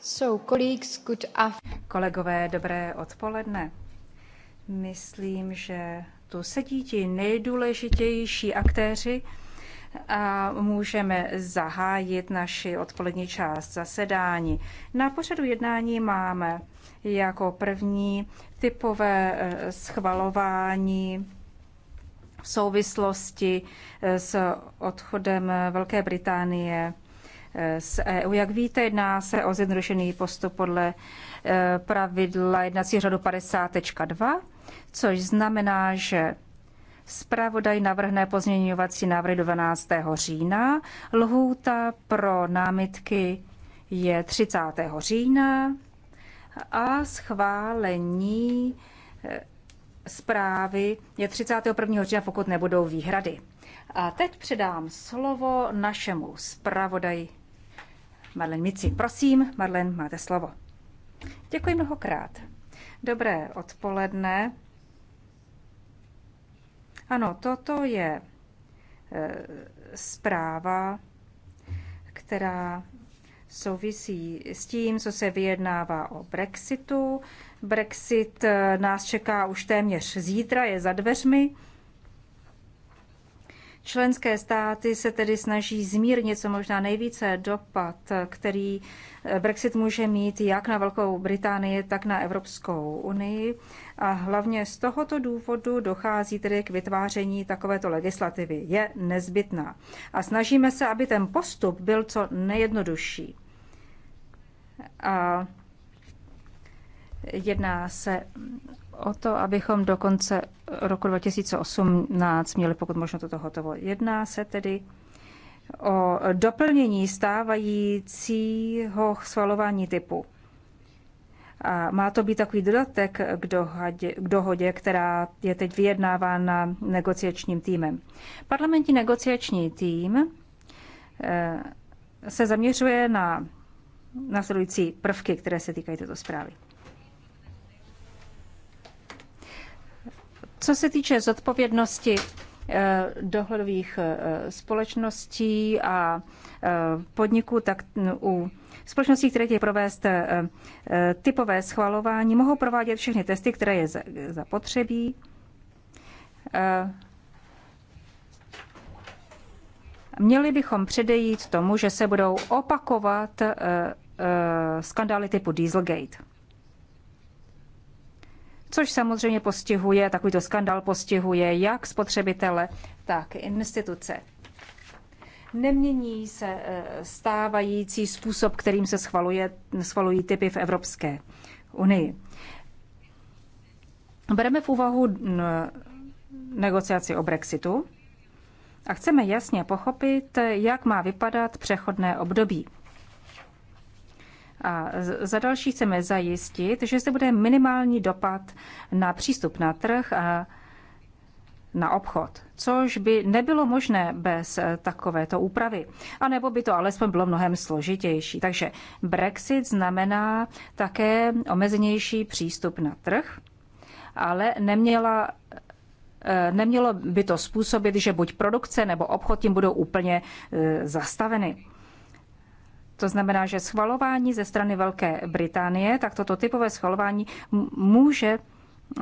So, colleagues, good afternoon. Kolegové, dobré odpoledne. Myslím, že tu sedí ti nejdůležitější aktéři a můžeme zahájit naši odpolední část zasedání. Na pořadu jednání máme jako první typové eh, schvalování v souvislosti s odchodem Velké Británie z EU. Jak víte, jedná se o zjednodušený postup podle eh, pravidla jednací řadu 50.2, což znamená, že Spravodaj navrhne pozměňovací návrhy do 12. října. Lhůta pro námitky je 30. října a schválení eh, zprávy je 31. října, pokud nebudou výhrady. A teď předám slovo našemu zpravodaji Marlen Mici. Prosím, Marlen, máte slovo. Děkuji mnohokrát. Dobré odpoledne. Ano, toto je e, zpráva, která souvisí s tím, co se vyjednává o Brexitu. Brexit e, nás čeká už téměř zítra, je za dveřmi. Členské státy se tedy snaží zmírnit co možná nejvíce dopad, který eh, Brexit může mít jak na Velkou Británii, tak na Evropskou unii. A hlavně z tohoto důvodu dochází tedy k vytváření takovéto legislativy. Je nezbytná. A snažíme se, aby ten postup byl co nejjednodušší. A jedná se o to, abychom do konce roku 2018 měli pokud možno toto hotovo. Jedná se tedy o doplnění stávajícího schvalování typu. A má to být takový dodatek k dohodě, k dohodě, která je teď vyjednávána negociačním týmem. Parlamentní negociační tým eh, se zaměřuje na následující prvky, které se týkají této zprávy. Co se týče zodpovědnosti eh, dohledových eh, společností a eh, podniků, tak u společností, které chtějí provést typové schvalování, mohou provádět všechny testy, které je zapotřebí. Měli bychom předejít tomu, že se budou opakovat skandály typu Dieselgate což samozřejmě postihuje, takovýto skandal postihuje jak spotřebitele, tak instituce. Nemění se eh, stávající způsob, kterým se schvaluje, schvalují typy v Evropské unii. Bereme v úvahu mm, negociaci o Brexitu a chceme jasně pochopit, jak má vypadat přechodné období. A za další chceme zajistit, že se bude minimální dopad na přístup na trh a na obchod, což by nebylo možné bez eh, takovéto úpravy. A nebo by to alespoň bylo mnohem složitější. Takže Brexit znamená také omezenější přístup na trh, ale neměla eh, nemělo by to způsobit, že buď produkce nebo obchod tím budou úplně eh, zastaveny. To znamená, že schvalování ze strany Velké Británie, tak toto typové schvalování může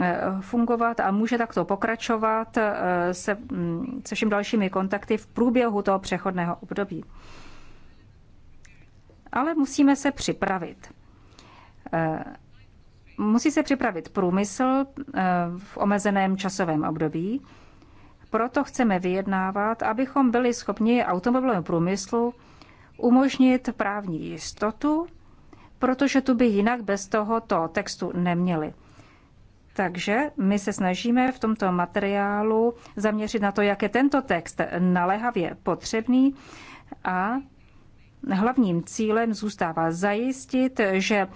eh, fungovat a může takto pokračovat eh, se, mm, se všem dalšími kontakty v průběhu toho přechodného období. Ale musíme se připravit. Eh, musí se připravit průmysl v omezeném časovém období. Proto chceme vyjednávat, abychom byli schopni automobilovému průmyslu umožnit právní jistotu, protože tu by jinak bez tohoto textu neměli. Takže my se snažíme v tomto materiálu zaměřit na to, jak je tento text naléhavě potřebný a hlavním cílem zůstává zajistit, že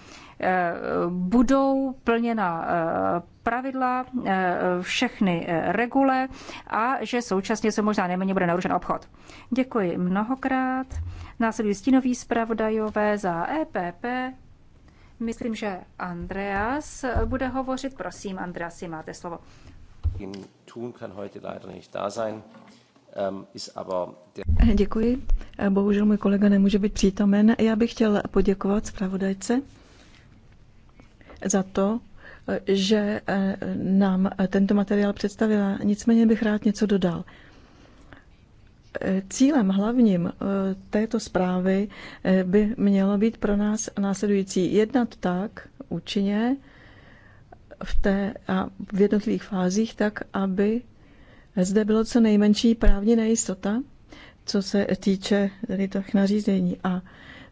budou plněna eh, pravidla, eh, všechny eh, regule a že současně se možná nejméně bude narušen obchod. Děkuji mnohokrát. Následují stínový zpravodajové za EPP. Myslím, že Andreas bude hovořit. Prosím, Andreasi, máte slovo. Ähm, Děkuji. Bohužel můj kolega nemůže být přítomen. Já bych chtěl poděkovat zpravodajce za to, že eh, nám tento materiál představila. Nicméně bych rád něco dodal. Eh, cílem hlavním eh, této zprávy by mělo být pro nás následující jednat tak účinně v té a v jednotlivých fázích tak, aby zde bylo co nejmenší právní nejistota, co se týče těch nařízení. A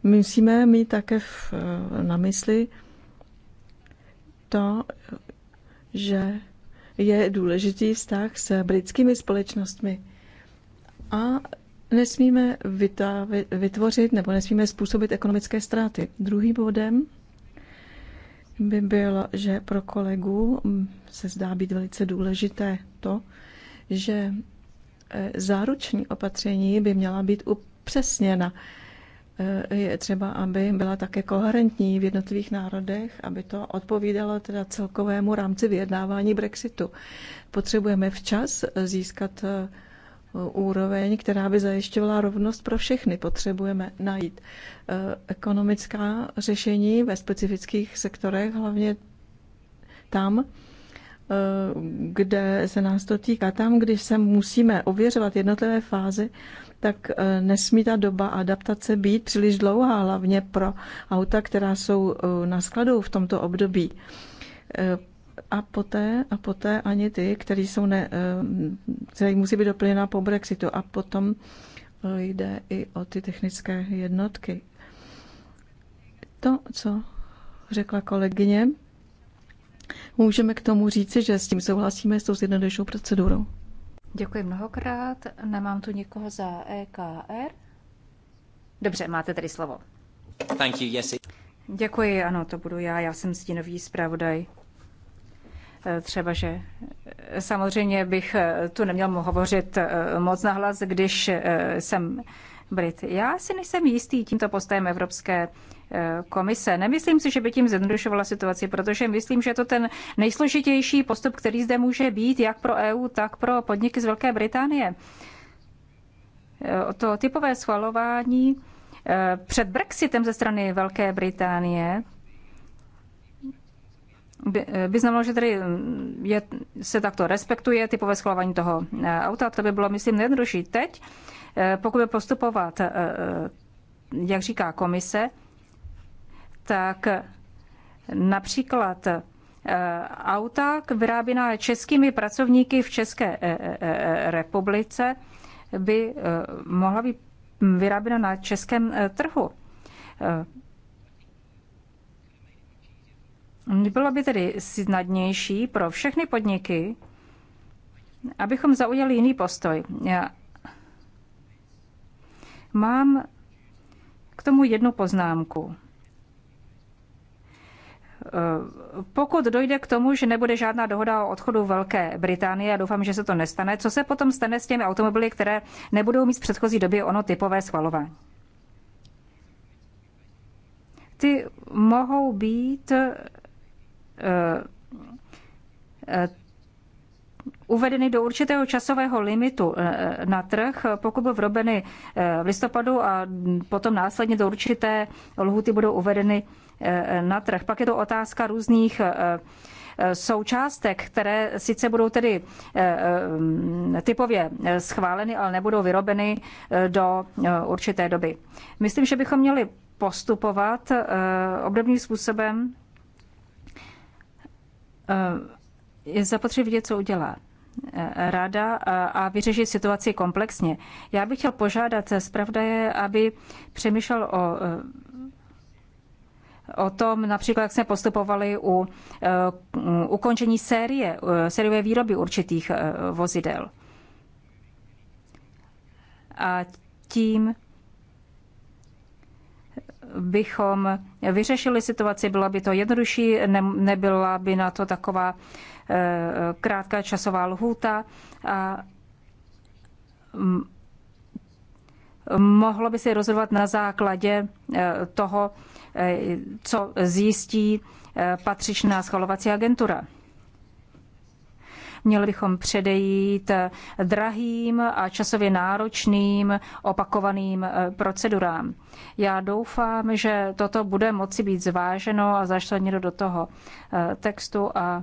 my musíme mít také v, na mysli, to, že je důležitý vztah s britskými společnostmi. A nesmíme vytvořit nebo nesmíme způsobit ekonomické ztráty. Druhým bodem by bylo, že pro kolegu se zdá být velice důležité to, že e, záruční opatření by měla být upřesněna Eh, je třeba, aby byla také koherentní v jednotlivých národech, aby to odpovídalo teda celkovému rámci vyjednávání Brexitu. Potřebujeme včas získat eh, úroveň, která by zajišťovala rovnost pro všechny. Potřebujeme najít eh, ekonomická řešení ve specifických sektorech, hlavně tam, kde se nás to týká. Tam, když se musíme ověřovat jednotlivé fázy, tak eh, nesmí ta doba adaptace být příliš dlouhá, hlavně pro auta, která jsou eh, na skladu v tomto období. Eh, a poté, a poté ani ty, které jsou ne, které musí být doplněna po Brexitu. A potom jde i o ty technické jednotky. To, co řekla kolegyně, můžeme k tomu říci, že s tím souhlasíme s tou zjednodušenou procedurou. Děkuji mnohokrát. Nemám tu nikoho za EKR. Dobře, máte tady slovo. Thank you, yes. Děkuji, ano, to budu já. Já jsem stínový zpravodaj. Eh, třeba, že eh, samozřejmě bych eh, tu neměl hovořit moc nahlas, když jsem Brit. Já si nejsem jistý tímto postojem Evropské Eh, komise. Nemyslím si, že by tím zjednodušovala situaci, protože myslím, že je to ten nejsložitější postup, který zde může být jak pro EU, tak pro podniky z Velké Británie. Eh, to typové schvalování eh, před Brexitem ze strany Velké Británie by, by znamenalo, že tady mm, je, se takto respektuje typové schvalování toho auta. To by bylo, myslím, nejjednodušší teď, pokud by postupovat, jak říká komise, tak například eh, auta vyráběná českými pracovníky v České eh, eh, republice by mohla být vyráběna na českém trhu. Bylo by tedy snadnější pro všechny podniky, abychom zaujali jiný postoj. Já mám k tomu jednu poznámku. Eh, pokud dojde k tomu, že nebude žádná dohoda o odchodu Velké Británie, a doufám, že se to nestane, co se potom stane s těmi automobily, které nebudou mít v předchozí době ono typové schvalování? Ty mohou být eh, eh, uvedeny do určitého časového limitu na trh, pokud byl vrobeny v listopadu a potom následně do určité lhuty budou uvedeny E, na trh. Pak je to otázka různých e, e, součástek, které sice budou tedy typově schváleny, ale nebudou vyrobeny do určité doby. Myslím, že bychom měli postupovat obdobným způsobem. Je zapotřebí vidět, co udělá rada a vyřešit situaci komplexně. Já bych chtěl požádat zpravodaje, aby přemýšlel o o tom, například jak jsme postupovali u eh, ukončení série, eh, sériové výroby určitých eh, vozidel. A tím bychom vyřešili situaci, byla by to jednodušší, ne, nebyla by na to taková krátká časová lhůta a mm, mohlo by se rozhodovat na základě toho, co zjistí eh, patřičná schvalovací agentura. Měli bychom předejít drahým a časově náročným opakovaným eh, procedurám. Já doufám, že toto bude moci být zváženo a zašleněno do toho eh, textu a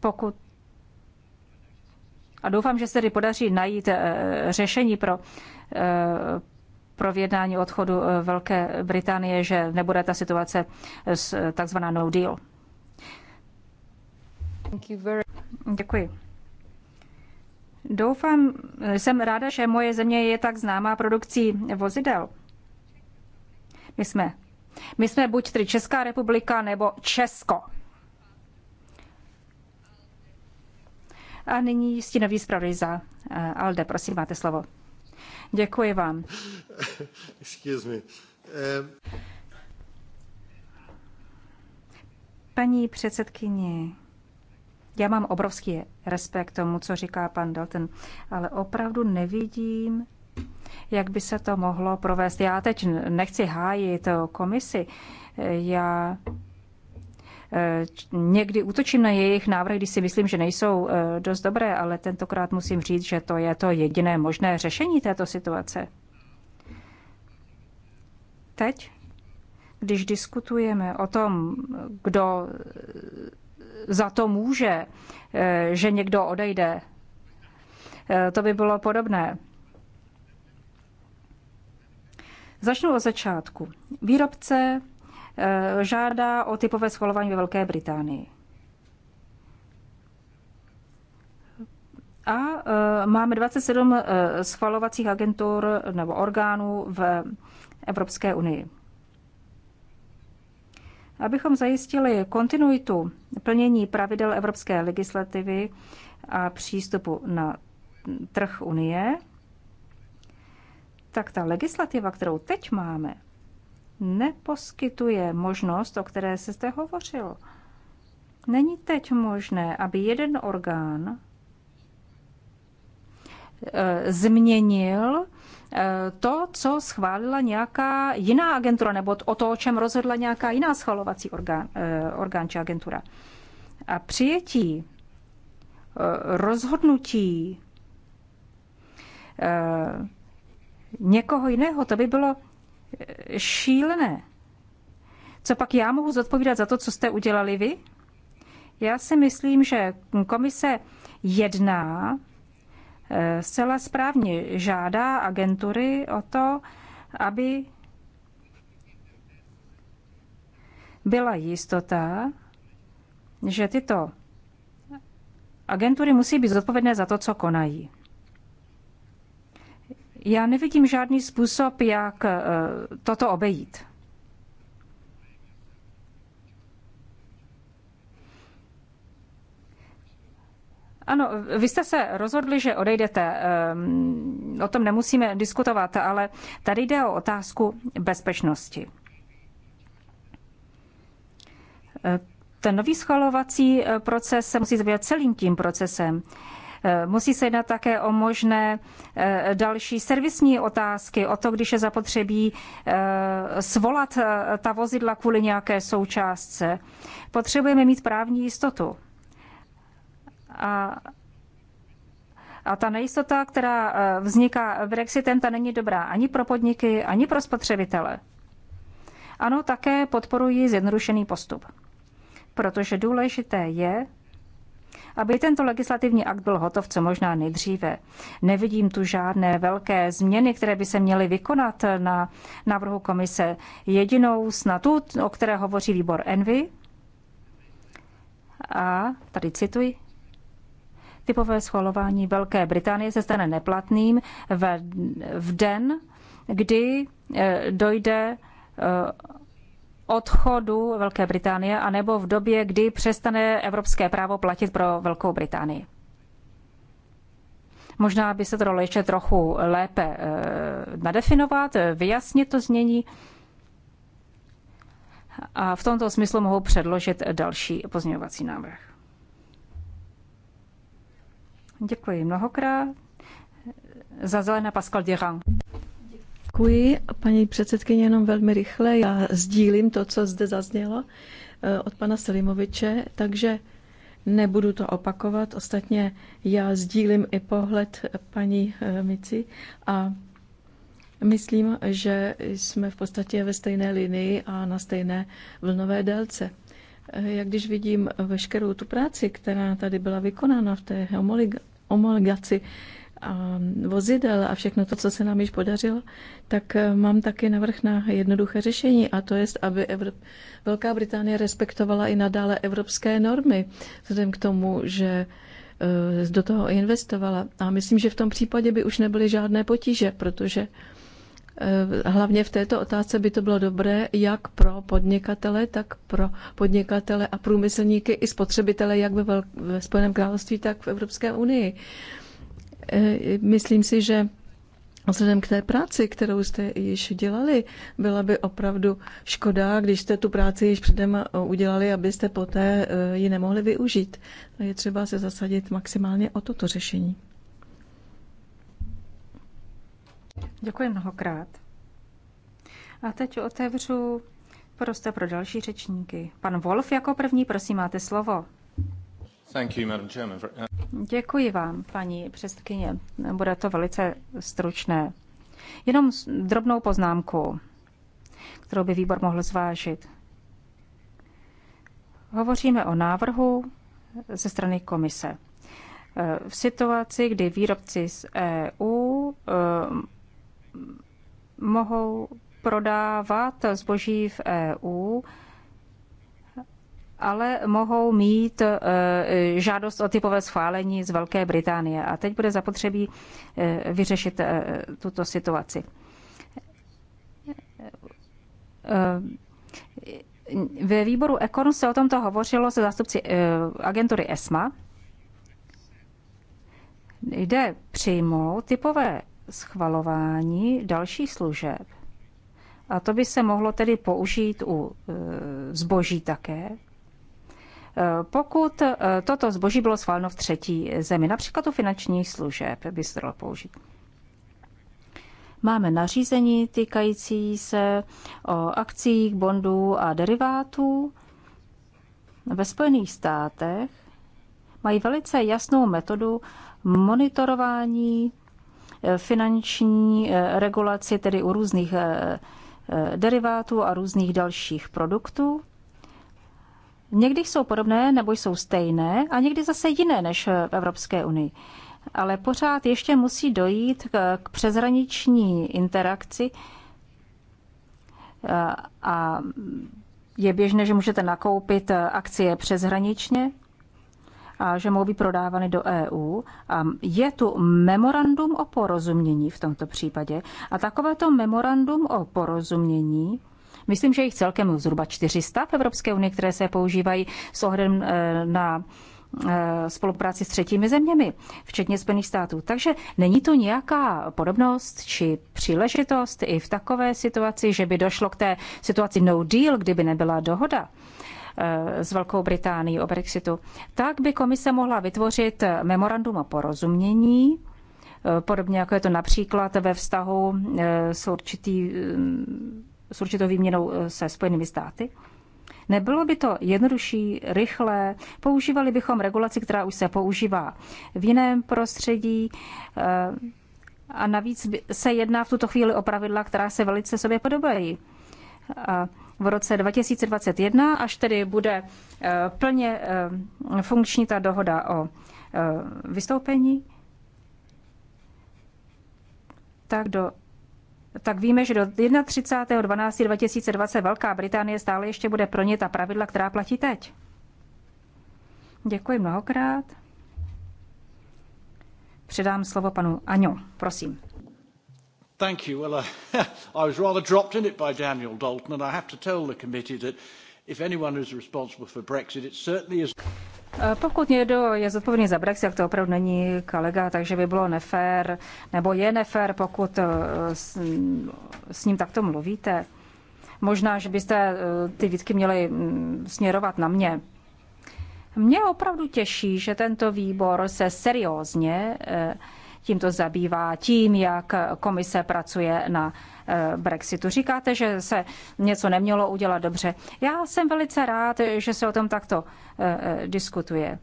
pokud a doufám, že se tedy podaří najít řešení pro pro vyjednání odchodu eh, Velké Británie, že nebude ta situace eh, takzvaná no deal. Děkuji. Doufám, jsem ráda, že moje země je tak známá produkcí vozidel. My jsme, my jsme buď tedy Česká republika nebo Česko. A nyní stínový zpravodaj za eh, ALDE. Prosím, máte slovo. Děkuji vám. Excuse me. Um... Paní předsedkyni, já mám obrovský respekt tomu, co říká pan Dalton, ale opravdu nevidím, jak by se to mohlo provést. Já teď nechci hájit eh, komisi. Eh, já Někdy útočím na jejich návrhy, když si myslím, že nejsou eh, dost dobré, ale tentokrát musím říct, že to je to jediné možné řešení této situace. Teď, když diskutujeme o tom, kdo eh, za to může, eh, že někdo odejde, to by bylo podobné. Začnu od začátku. Výrobce Eh, žádá o typové schvalování ve Velké Británii. A eh, máme 27 eh, schvalovacích agentur nebo orgánů v Evropské unii. Abychom zajistili kontinuitu plnění pravidel evropské legislativy a přístupu na trh Unie, tak ta legislativa, kterou teď máme, neposkytuje možnost, o které se zde hovořil. Není teď možné, aby jeden orgán eh, změnil eh, to, co schválila nějaká jiná agentura, nebo o to, o čem rozhodla nějaká jiná schvalovací orgán, eh, orgán či agentura. A přijetí rozhodnutí někoho jiného, to by bylo šílené. Co pak já mohu zodpovídat za to, co jste udělali vy? Já si myslím, že komise jedná eh, zcela správně. Žádá agentury o to, aby byla jistota, že tyto agentury musí být zodpovědné za to, co konají. Já nevidím žádný způsob, jak eh, toto obejít. Ano, vy jste se rozhodli, že odejdete. Ehm, o tom nemusíme diskutovat, ale tady jde o otázku bezpečnosti. Eh, ten nový schvalovací eh, proces se musí zabývat celým tím procesem. Eh, musí se jednat také o možné eh, další servisní otázky, o to, když je zapotřebí eh, svolat ta vozidla kvůli nějaké součástce. Potřebujeme mít právní jistotu. A a ta nejistota, která vzniká Brexitem, ta není dobrá ani pro podniky, ani pro spotřebitele. Ano, také podporuji zjednodušený postup, protože důležité je, aby tento legislativní akt byl hotov co možná nejdříve. Nevidím tu žádné velké změny, které by se měly vykonat na návrhu komise. Jedinou snad tu, o které hovoří výbor Envy, a tady cituji, typové schvalování Velké Británie se stane neplatným v, v den, kdy eh, dojde eh, odchodu Velké Británie anebo v době, kdy přestane evropské právo platit pro Velkou Británii. Možná by se to dalo ještě trochu lépe eh, nadefinovat, vyjasnit to znění. A v tomto smyslu mohu předložit další pozměňovací návrh. Děkuji mnohokrát. Za zelené Pascal Durand. Děkuji, paní předsedkyně, jenom velmi rychle. Já sdílím to, co zde zaznělo eh, od pana Selimoviče, takže nebudu to opakovat. Ostatně já sdílím i pohled paní eh, Mici a myslím, že jsme v podstatě ve stejné linii a na stejné vlnové délce. Eh, jak když vidím veškerou tu práci, která tady byla vykonána v té homologaci, a vozidel a všechno to, co se nám již podařilo, tak eh, mám taky navrh na jednoduché řešení a to je, aby Evrop... Velká Británie respektovala i nadále evropské normy, vzhledem k tomu, že eh, do toho investovala. A myslím, že v tom případě by už nebyly žádné potíže, protože eh, hlavně v této otázce by to bylo dobré jak pro podnikatele, tak pro podnikatele a průmyslníky i spotřebitele, jak ve, Vel- ve Spojeném království, tak v Evropské unii. Eh, myslím si, že Vzhledem k té práci, kterou jste již dělali, byla by opravdu škoda, když jste tu práci již předem eh, udělali, abyste poté eh, ji nemohli využít. Je třeba se zasadit maximálně o toto řešení. Děkuji mnohokrát. A teď otevřu prostor pro další řečníky. Pan Wolf jako první, prosím, máte slovo. Uh, Děkuji vám, paní předsedkyně. Bude to velice stručné. Jenom drobnou poznámku, kterou by výbor mohl zvážit. Hovoříme o návrhu ze strany komise. Eh, v situaci, kdy výrobci z EU eh, mohou prodávat zboží v EU, ale mohou mít e, žádost o typové schválení z Velké Británie. A teď bude zapotřebí e, vyřešit e, tuto situaci. Ve výboru Ekon se o tomto hovořilo se zástupci agentury ESMA. Jde přijmout typové schvalování dalších služeb. A to by se mohlo tedy použít u zboží také, pokud eh, toto zboží bylo schváleno v třetí zemi, například u finančních služeb, by se dalo použít. Máme nařízení týkající se o akcích, bondů a derivátů. Ve Spojených státech mají velice jasnou metodu monitorování eh, finanční eh, regulaci, tedy u různých derivátů a různých dalších produktů. Někdy jsou podobné nebo jsou stejné a někdy zase jiné než v Evropské unii. Ale pořád ještě musí dojít k přezraniční interakci a je běžné, že můžete nakoupit akcie přezhraničně a že mohou být prodávány do EU. A je tu memorandum o porozumění v tomto případě. A takovéto memorandum o porozumění Myslím, že jich celkem zhruba 400 v Evropské unii, které se používají s ohledem eh, na eh, spolupráci s třetími zeměmi, včetně Spojených států. Takže není to nějaká podobnost či příležitost i v takové situaci, že by došlo k té situaci no deal, kdyby nebyla dohoda eh, s Velkou Británií o Brexitu, tak by komise mohla vytvořit memorandum o porozumění, podobně jako je to například ve vztahu s určitý mm, s určitou výměnou eh, se Spojenými státy? Nebylo by to jednodušší, rychlé? Používali bychom regulaci, která už se používá v jiném prostředí. Eh, a navíc se jedná v tuto chvíli o pravidla, která se velice sobě podobají. A v roce 2021, až tedy bude eh, plně funkční ta dohoda o vystoupení, tak do tak víme, že do 31.12.2020 Velká Británie stále ještě bude pro ně ta pravidla, která platí teď. Děkuji mnohokrát. Předám slovo panu Aňo, prosím. Thank you. Well, uh, I was rather dropped in it by Daniel Dalton, and I have to tell the committee that if anyone is responsible for Brexit, it certainly is. Eh, pokud někdo je zodpovědný za Brexit, tak to opravdu není kolega, takže by bylo nefér, nebo je nefér, pokud eh, s, s ním takto mluvíte. Možná, že byste eh, ty výtky měli mm, směrovat na mě. Mě opravdu těší, že tento výbor se seriózně eh, tímto zabývá, tím, jak komise pracuje na eh, Brexitu. Říkáte, že se něco nemělo udělat dobře. Já jsem velice rád, že se o tom takto eh, eh, diskutuje.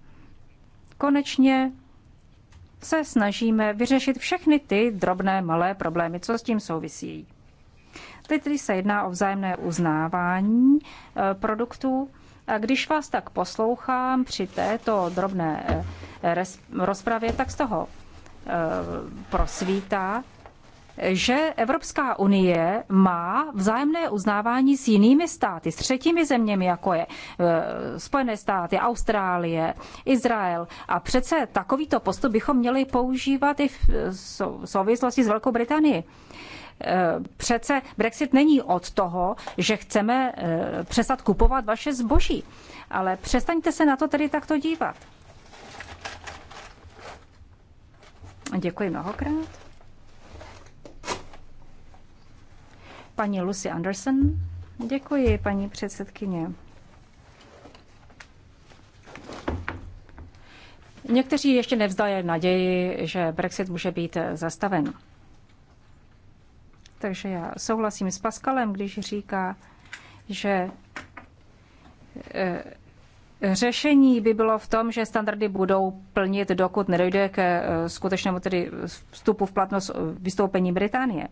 Konečně se snažíme vyřešit všechny ty drobné malé problémy, co s tím souvisí. Teď tedy se jedná o vzájemné uznávání produktů. A když vás tak poslouchám při této drobné rozpravě, tak z toho Eh, prosvítá, že Evropská unie má vzájemné uznávání s jinými státy, s třetími zeměmi, jako je eh, Spojené státy, Austrálie, Izrael. A přece takovýto postup bychom měli používat i v eh, souvislosti s Velkou Británií. Přece Brexit není od toho, že chceme přestat kupovat vaše zboží, ale přestaňte se na to tedy takto dívat. Děkuji mnohokrát. Paní Lucy Anderson. Děkuji, paní předsedkyně. Někteří ještě nevzdali naději, že Brexit může být zastaven. Takže já souhlasím s Paskalem, když říká, že eh, Řešení by bylo v tom, že standardy budou plnit, dokud nedojde ke eh, skutečnému tedy vstupu v platnost eh, vystoupení Británie.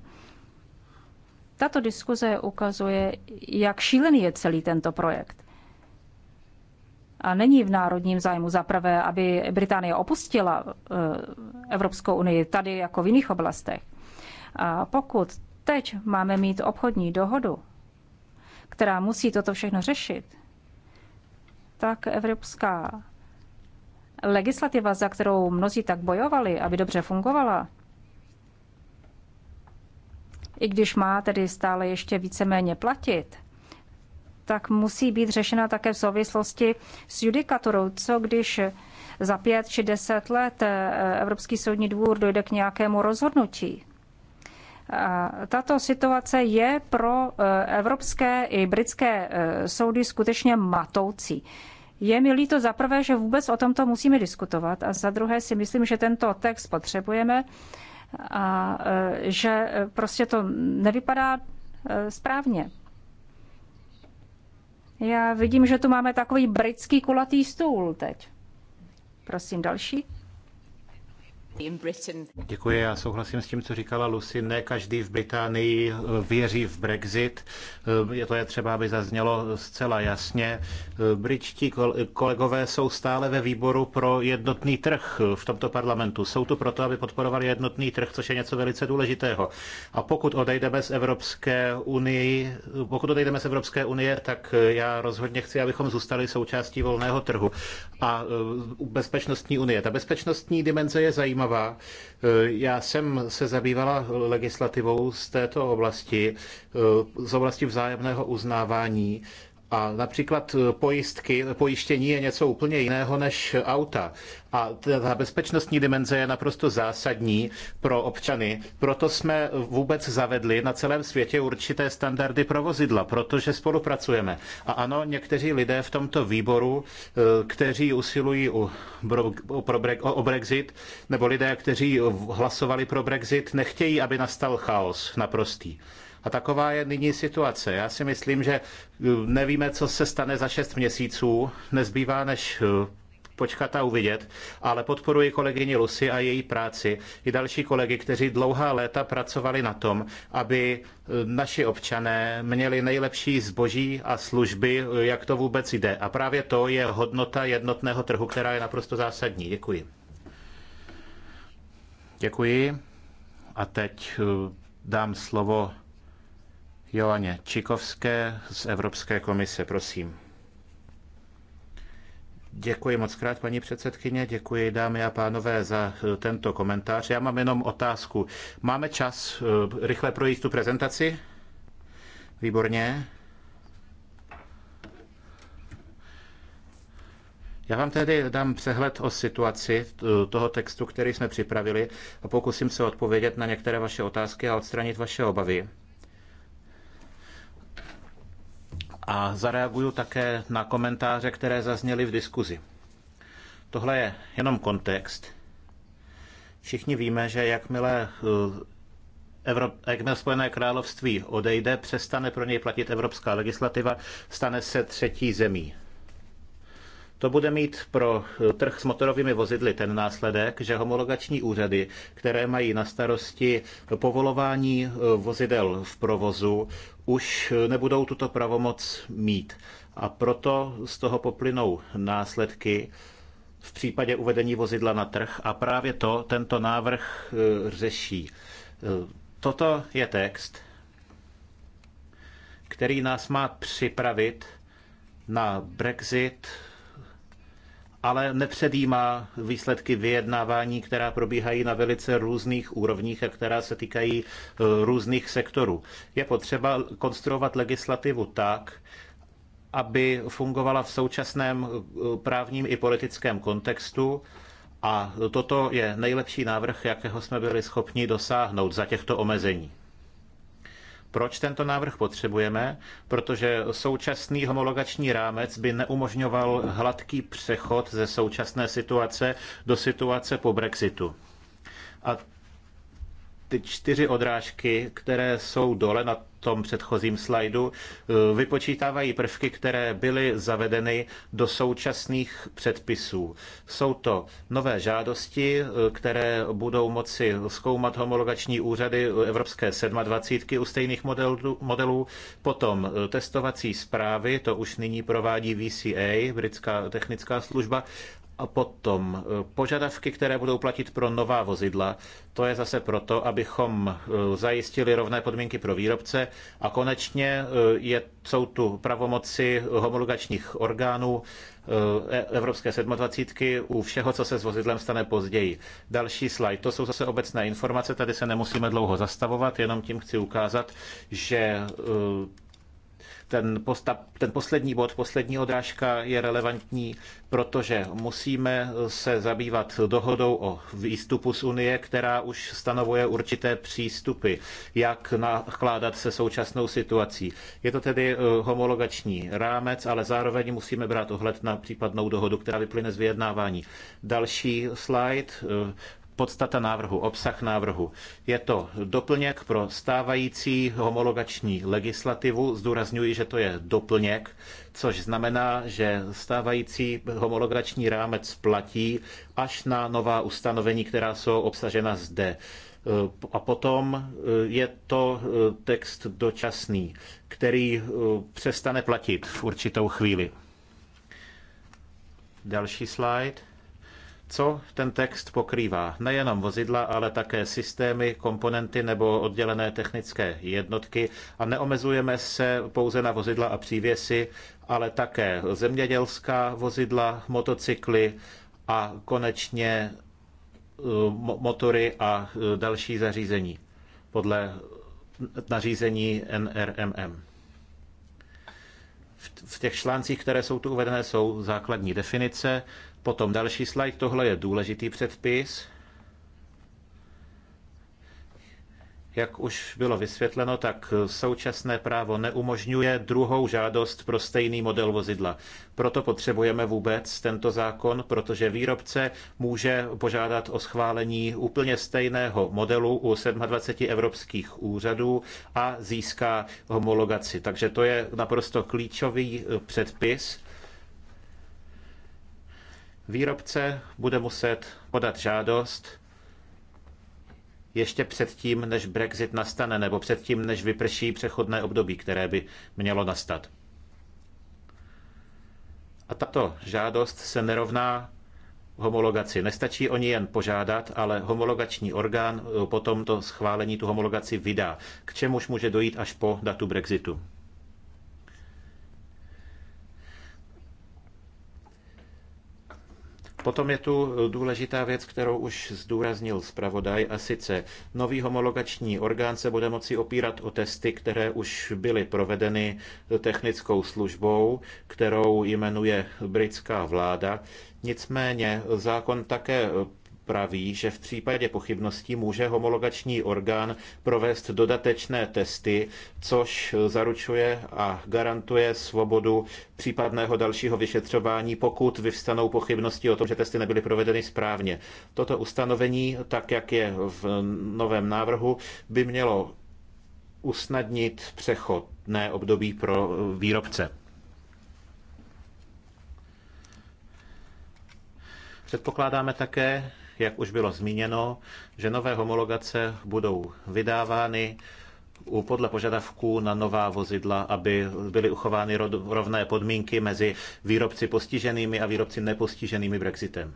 Tato diskuze ukazuje, jak šílený je celý tento projekt. A není v národním zájmu zaprvé, aby Británie opustila eh, Evropskou unii tady jako v jiných oblastech. A pokud teď máme mít obchodní dohodu, která musí toto všechno řešit, tak evropská legislativa, za kterou mnozí tak bojovali, aby dobře fungovala, i když má tedy stále ještě víceméně platit, tak musí být řešena také v souvislosti s judikaturou. Co když za pět či deset let eh, Evropský soudní dvůr dojde k nějakému rozhodnutí? tato situace je pro e, evropské i britské e, soudy skutečně matoucí. Je mi líto za prvé, že vůbec o tomto musíme diskutovat a za druhé si myslím, že tento text potřebujeme a e, že prostě to nevypadá správně. Já vidím, že tu máme takový britský kulatý stůl teď. Prosím další. Děkuji, já souhlasím s tím, co říkala Lucy. Ne každý v Británii eh, věří v Brexit. Eh, je to je třeba, aby zaznělo zcela jasně. Eh, britští kolegové jsou stále ve výboru pro jednotný trh v tomto parlamentu. Jsou tu proto, aby podporovali jednotný trh, což je něco velice důležitého. A pokud odejdeme z Evropské unie, pokud odejdeme z Evropské unie, tak já rozhodně chci, abychom zůstali součástí volného trhu. A bezpečnostní unie. Ta bezpečnostní dimenze je zajímavá zajímavá. Eh, já jsem se zabývala legislativou z této oblasti, eh, z oblasti vzájemného uznávání a například pojistky, pojištění je něco úplně jiného než auta. A ta bezpečnostní dimenze je naprosto zásadní pro občany. Proto jsme vůbec zavedli na celém světě určité standardy pro vozidla, protože spolupracujeme. A ano, někteří lidé v tomto výboru, eh, kteří usilují o, Brexit, nebo lidé, kteří hlasovali pro Brexit, nechtějí, aby nastal chaos naprostý. A taková je nyní situace. Já si myslím, že eh, nevíme, co se stane za šest měsíců. Nezbývá než eh, počkat a uvidět, ale podporuji kolegyni Lucy a její práci i další kolegy, kteří dlouhá léta pracovali na tom, aby eh, naši občané měli nejlepší zboží a služby, jak to vůbec jde. A právě to je hodnota jednotného trhu, která je naprosto zásadní. Děkuji. Děkuji. A teď dám slovo Joaně Čikovské z Evropské komise, prosím. Děkuji moc krát, paní předsedkyně, děkuji dámy a pánové za eh, tento komentář. Já mám jenom otázku. Máme čas eh, rychle projít tu prezentaci? Výborně. Já vám tedy dám přehled o situaci eh, toho textu, který jsme připravili a pokusím se odpovědět na některé vaše otázky a odstranit vaše obavy. a zareaguju také na komentáře, které zazněly v diskuzi. Tohle je jenom kontext. Všichni víme, že jakmile eh, Evrop, jakmile Spojené království odejde, přestane pro něj platit evropská legislativa, stane se třetí zemí. To bude mít pro eh, trh s motorovými vozidly ten následek, že homologační úřady, které mají na starosti povolování eh, vozidel v provozu, už eh, nebudou tuto pravomoc mít. A proto z toho poplynou následky, v případě uvedení vozidla na trh a právě to tento návrh řeší. Toto je text, který nás má připravit na Brexit, ale nepředjímá výsledky vyjednávání, která probíhají na velice různých úrovních a která se týkají eh, různých sektorů. Je potřeba konstruovat legislativu tak, aby fungovala v současném eh, právním i politickém kontextu, a toto je nejlepší návrh, jakého jsme byli schopni dosáhnout za těchto omezení. Proč tento návrh potřebujeme? Protože současný homologační rámec by neumožňoval hladký přechod ze současné situace do situace po Brexitu. A ty čtyři odrážky, které jsou dole na tom předchozím slajdu, eh, vypočítávají prvky, které byly zavedeny do současných předpisů. Jsou to nové žádosti, eh, které budou moci zkoumat homologační úřady Evropské 27 u stejných modelů, modelů, potom eh, testovací zprávy, to už nyní provádí VCA, britská technická služba, a potom eh, požadavky, které budou platit pro nová vozidla, to je zase proto, abychom eh, zajistili rovné podmínky pro výrobce. A konečně eh, je, jsou tu pravomoci homologačních orgánů e- Evropské 27 u všeho, co se s vozidlem stane později. Další slide, to jsou zase obecné informace, tady se nemusíme dlouho zastavovat, jenom tím chci ukázat, že ten, posta, ten poslední bod, poslední odrážka je relevantní, protože musíme se zabývat dohodou o výstupu z Unie, která už stanovuje určité přístupy, jak nakládat se současnou situací. Je to tedy eh, homologační rámec, ale zároveň musíme brát ohled na případnou dohodu, která vyplyne z vyjednávání. Další slide eh, podstata návrhu, obsah návrhu. Je to doplněk pro stávající homologační legislativu. Zdůrazňuji, že to je doplněk, což znamená, že stávající homologační rámec platí až na nová ustanovení, která jsou obsažena zde. A potom je to text dočasný, který přestane platit v určitou chvíli. Další slide co ten text pokrývá. Nejenom vozidla, ale také systémy, komponenty nebo oddělené technické jednotky a neomezujeme se pouze na vozidla a přívěsy, ale také zemědělská vozidla, motocykly a konečně eh, motory a eh, další zařízení podle nařízení NRMM. V těch článcích, které jsou tu uvedené, jsou základní definice, Potom další slide, tohle je důležitý předpis. Jak už bylo vysvětleno, tak současné právo neumožňuje druhou žádost pro stejný model vozidla. Proto potřebujeme vůbec tento zákon, protože výrobce může požádat o schválení úplně stejného modelu u 27 evropských úřadů a získá homologaci. Takže to je naprosto klíčový předpis Výrobce bude muset podat žádost ještě předtím, než Brexit nastane, nebo předtím, než vyprší přechodné období, které by mělo nastat. A tato žádost se nerovná homologaci. Nestačí o ní jen požádat, ale homologační orgán potom to schválení tu homologaci vydá, k čemuž může dojít až po datu Brexitu. Potom je tu důležitá věc, kterou už zdůraznil zpravodaj, a sice nový homologační orgán se bude moci opírat o testy, které už byly provedeny technickou službou, kterou jmenuje britská vláda. Nicméně zákon také praví, že v případě pochybností může homologační orgán provést dodatečné testy, což zaručuje a garantuje svobodu případného dalšího vyšetřování, pokud vyvstanou pochybnosti o tom, že testy nebyly provedeny správně. Toto ustanovení, tak jak je v novém návrhu, by mělo usnadnit přechodné období pro výrobce. Předpokládáme také, jak už bylo zmíněno, že nové homologace budou vydávány podle požadavků na nová vozidla, aby byly uchovány rovné podmínky mezi výrobci postiženými a výrobci nepostiženými Brexitem.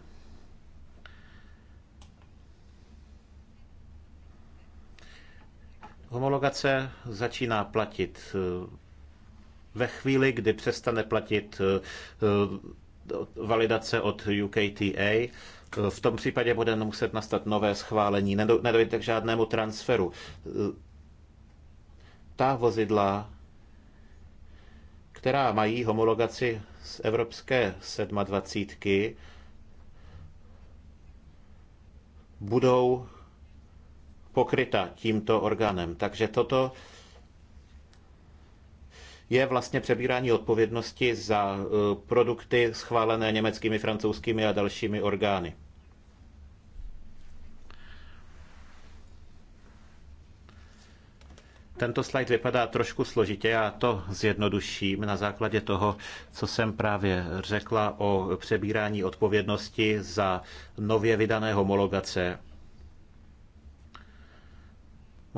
Homologace začíná platit eh, ve chvíli, kdy přestane platit eh, eh, validace od UKTA v tom případě bude muset nastat nové schválení, nedojde k žádnému transferu. Ta vozidla, která mají homologaci z Evropské 27, budou pokryta tímto orgánem. Takže toto je vlastně přebírání odpovědnosti za e, produkty schválené německými, francouzskými a dalšími orgány. Tento slide vypadá trošku složitě, já to zjednoduším na základě toho, co jsem právě řekla o přebírání odpovědnosti za nově vydané homologace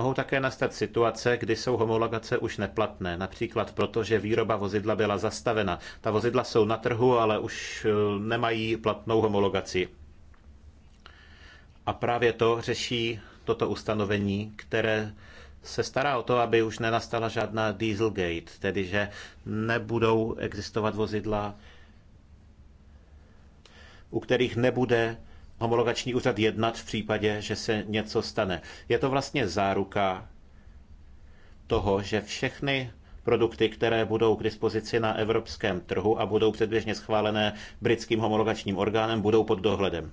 mohou také nastat situace, kdy jsou homologace už neplatné, například proto, že výroba vozidla byla zastavena. Ta vozidla jsou na trhu, ale už eh, nemají platnou homologaci. A právě to řeší toto ustanovení, které se stará o to, aby už nenastala žádná dieselgate, tedy že nebudou existovat vozidla, u kterých nebude homologační úřad jednat v případě, že se něco stane. Je to vlastně záruka toho, že všechny produkty, které budou k dispozici na evropském trhu a budou předběžně schválené britským homologačním orgánem, budou pod dohledem.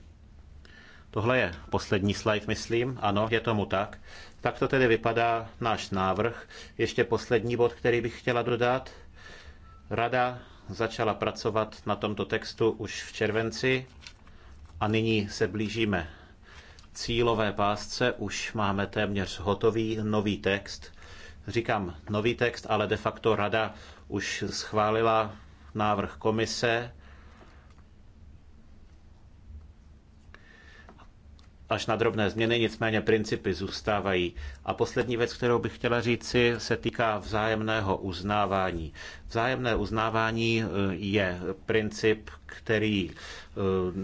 Tohle je poslední slide, myslím. Ano, je tomu tak. Tak to tedy vypadá náš návrh. Ještě poslední bod, který bych chtěla dodat. Rada začala pracovat na tomto textu už v červenci a nyní se blížíme cílové pásce, už máme téměř hotový nový text. Říkám nový text, ale de facto rada už schválila návrh komise až na drobné změny, nicméně principy zůstávají. A poslední věc, kterou bych chtěla říci, se týká vzájemného uznávání. Vzájemné uznávání eh, je princip, který eh,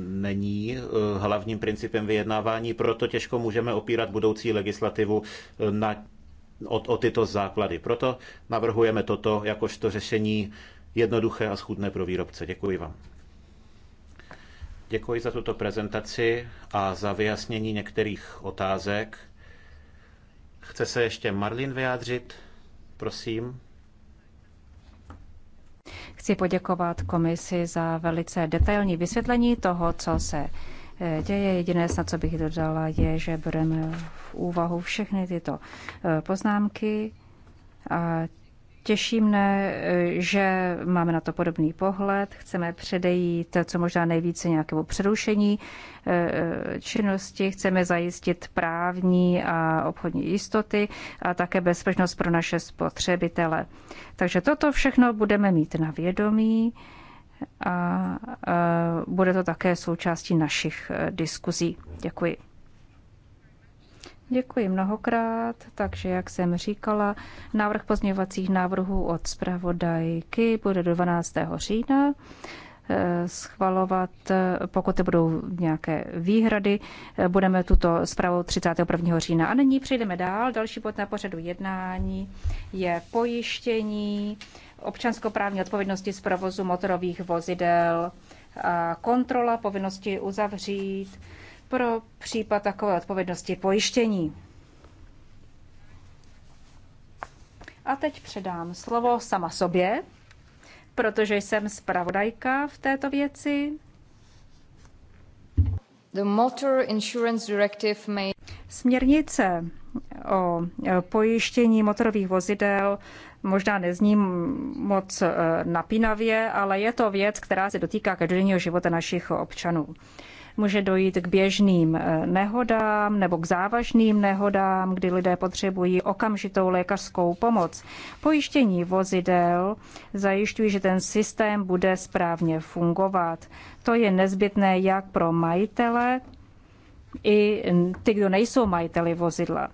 není eh, hlavním principem vyjednávání, proto těžko můžeme opírat budoucí legislativu na, o, o tyto základy. Proto navrhujeme toto jakožto řešení jednoduché a schudné pro výrobce. Děkuji vám. Děkuji za tuto prezentaci a za vyjasnění některých otázek. Chce se ještě Marlin vyjádřit? Prosím. Chci poděkovat komisi za velice detailní vysvětlení toho, co se eh, děje. Jediné, na co bych dodala, je, že bereme v úvahu všechny tyto eh, poznámky a Těší mne, eh, že máme na to podobný pohled, chceme předejít co možná nejvíce nějakému přerušení eh, eh, činnosti, chceme zajistit právní a obchodní jistoty a také bezpečnost pro naše spotřebitele. Takže toto všechno budeme mít na vědomí a bude to také součástí našich diskuzí. Děkuji. Děkuji mnohokrát. Takže, jak jsem říkala, návrh pozměňovacích návrhů od zpravodajky bude do 12. října eh, schvalovat, eh, pokud budou nějaké výhrady. Eh, budeme tuto zprávu 31. října. A nyní přejdeme dál. Další bod na pořadu jednání je pojištění občanskoprávní odpovědnosti z provozu motorových vozidel, kontrola povinnosti uzavřít pro případ takové odpovědnosti pojištění. A teď předám slovo sama sobě, protože jsem zpravodajka v této věci. The Motor Insurance Directive may... Směrnice o pojištění motorových vozidel možná nezní moc eh, napínavě, ale je to věc, která se dotýká každodenního života našich občanů může dojít k běžným eh, nehodám nebo k závažným nehodám, kdy lidé potřebují okamžitou lékařskou pomoc. Pojištění vozidel zajišťují, že ten systém bude správně fungovat. To je nezbytné jak pro majitele, i ty, kdo nejsou majiteli vozidla.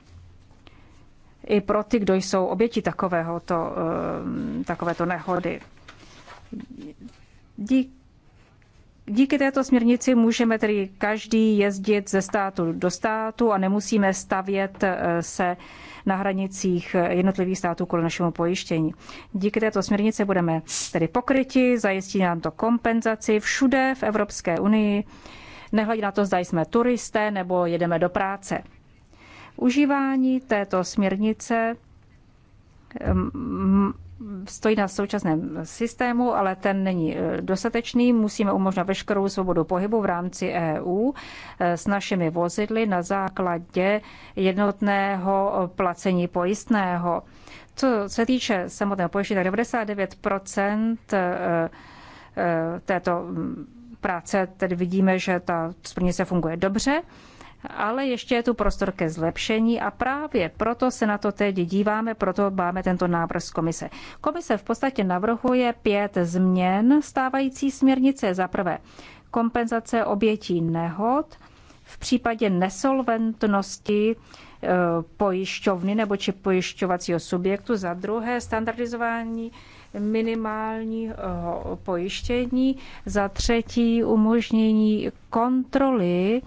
I pro ty, kdo jsou oběti takovéhoto, eh, takovéto nehody. Dík Díky této směrnici můžeme tedy každý jezdit ze státu do státu a nemusíme stavět eh, se na hranicích eh, jednotlivých států kvůli našemu pojištění. Díky této směrnici budeme tedy pokryti, zajistí nám to kompenzaci všude v Evropské unii, nehledě na to, zda jsme turisté nebo jedeme do práce. Užívání této směrnice eh, stojí na současném systému, ale ten není e, dostatečný. Musíme umožnit veškerou svobodu pohybu v rámci EU e, s našimi vozidly na základě jednotného placení pojistného. Co se týče samotného pojištění, tak 99% e, této práce, tedy vidíme, že ta se funguje dobře ale ještě je tu prostor ke zlepšení a právě proto se na to teď díváme, proto máme tento návrh z komise. Komise v podstatě navrhuje pět změn stávající směrnice. Za prvé, kompenzace obětí nehod v případě nesolventnosti e, pojišťovny nebo či pojišťovacího subjektu, za druhé standardizování minimální pojištění, za třetí umožnění kontroly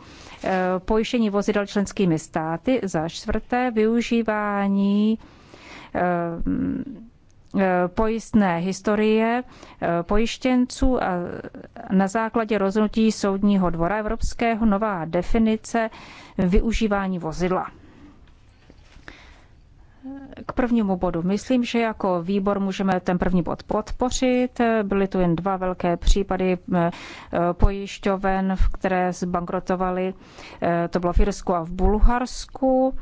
Eh, pojištění vozidel členskými státy, za čtvrté využívání eh, eh, pojistné historie pojištěnců a na základě rozhodnutí Soudního dvora evropského nová definice využívání vozidla k prvnímu bodu. Myslím, že jako výbor můžeme ten první bod podpořit. Byly tu jen dva velké případy eh, eh, pojišťoven, v které zbankrotovali. Eh, to bylo v Irsku a v Bulharsku.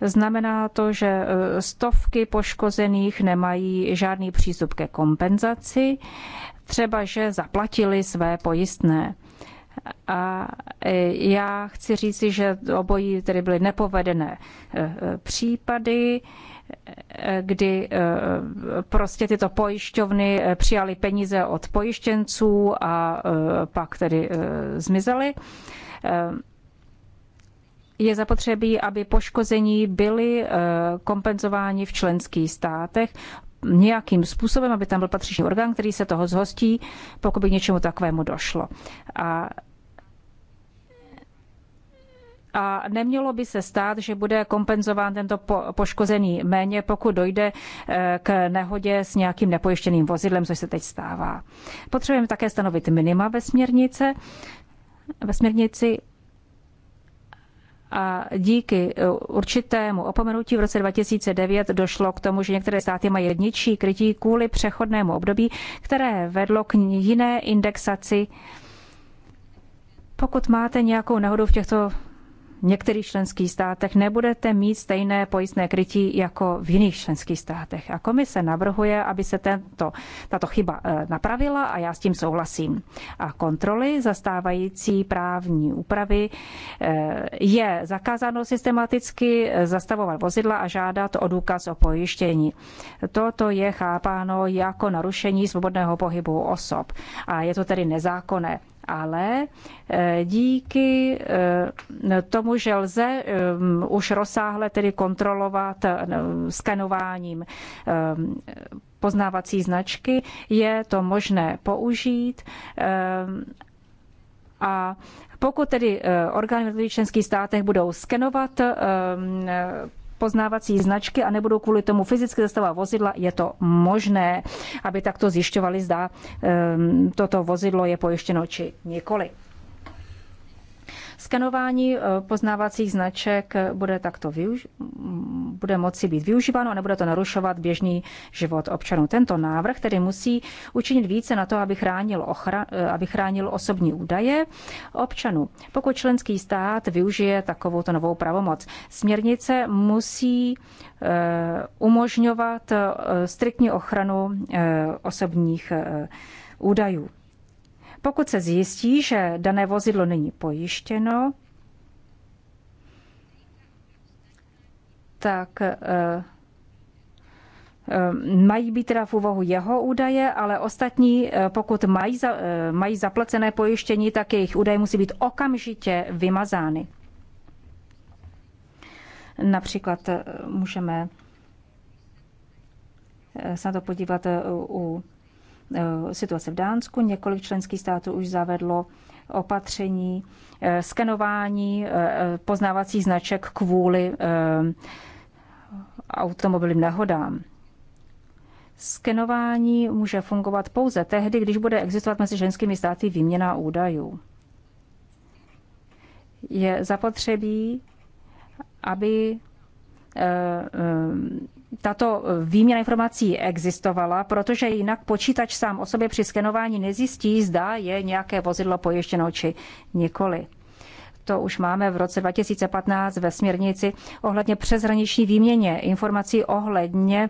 Znamená to, že stovky poškozených nemají žádný přístup ke kompenzaci, třeba že zaplatili své pojistné. A e, já chci říci, že obojí tedy byly nepovedené e, e, případy, kdy prostě tyto pojišťovny přijaly peníze od pojištěnců a pak tedy zmizely je zapotřebí, aby poškození byly kompenzováni v členských státech nějakým způsobem, aby tam byl patřičný orgán, který se toho zhostí, pokud by něčemu takovému došlo. A a nemělo by se stát, že bude kompenzován tento poškozený méně, pokud dojde eh, k nehodě s nějakým nepojištěným vozidlem, což se teď stává. Potřebujeme také stanovit minima ve směrnice, ve směrnici a díky eh, určitému opomenutí v roce 2009 došlo k tomu, že některé státy mají ničí krytí kvůli přechodnému období, které vedlo k jiné indexaci. Pokud máte nějakou nehodu v těchto některých členských státech nebudete mít stejné pojistné krytí jako v jiných členských státech. A komise navrhuje, aby se tento, tato chyba e, napravila a já s tím souhlasím. A kontroly zastávající právní úpravy e, je zakázáno systematicky zastavovat vozidla a žádat o důkaz o pojištění. Toto je chápáno jako narušení svobodného pohybu osob a je to tedy nezákonné ale eh, díky eh, tomu, že lze eh, už rozsáhle tedy kontrolovat skenováním poznávací značky, je to možné použít a pokud tedy orgány v členských státech budou skenovat poznávací značky a nebudou kvůli tomu fyzicky zastavovat vozidla, je to možné, aby takto zjišťovali, zda ehm, toto vozidlo je pojištěno či nikoli. Skenování eh, poznávacích značek bude takto využ- bude moci být využíváno a nebude to narušovat běžný život občanů. Tento návrh tedy musí učinit více na to, aby chránil, ochra- eh, aby chránil osobní údaje občanů. Pokud členský stát využije takovou novou pravomoc, směrnice musí eh, umožňovat striktní ochranu osobních údajů. Pokud se zjistí, že dané vozidlo není pojištěno, tak eh, eh, mají být teda v úvahu jeho údaje, ale ostatní, eh, pokud mají, za, mají zaplacené pojištění, tak jejich údaje musí být okamžitě vymazány. Například můžeme se na to podívat u Eh, situace v Dánsku. Několik členských států už zavedlo opatření eh, skenování eh, poznávacích značek kvůli automobilním nehodám. Skenování může fungovat pouze tehdy, když bude existovat mezi ženskými státy výměna údajů. Je zapotřebí, aby tato eh, výměna informací existovala, protože jinak počítač sám o sobě při skenování nezjistí, zda je nějaké vozidlo pojištěno či nikoli. To už máme v roce 2015 ve směrnici ohledně přeshraniční výměně informací ohledně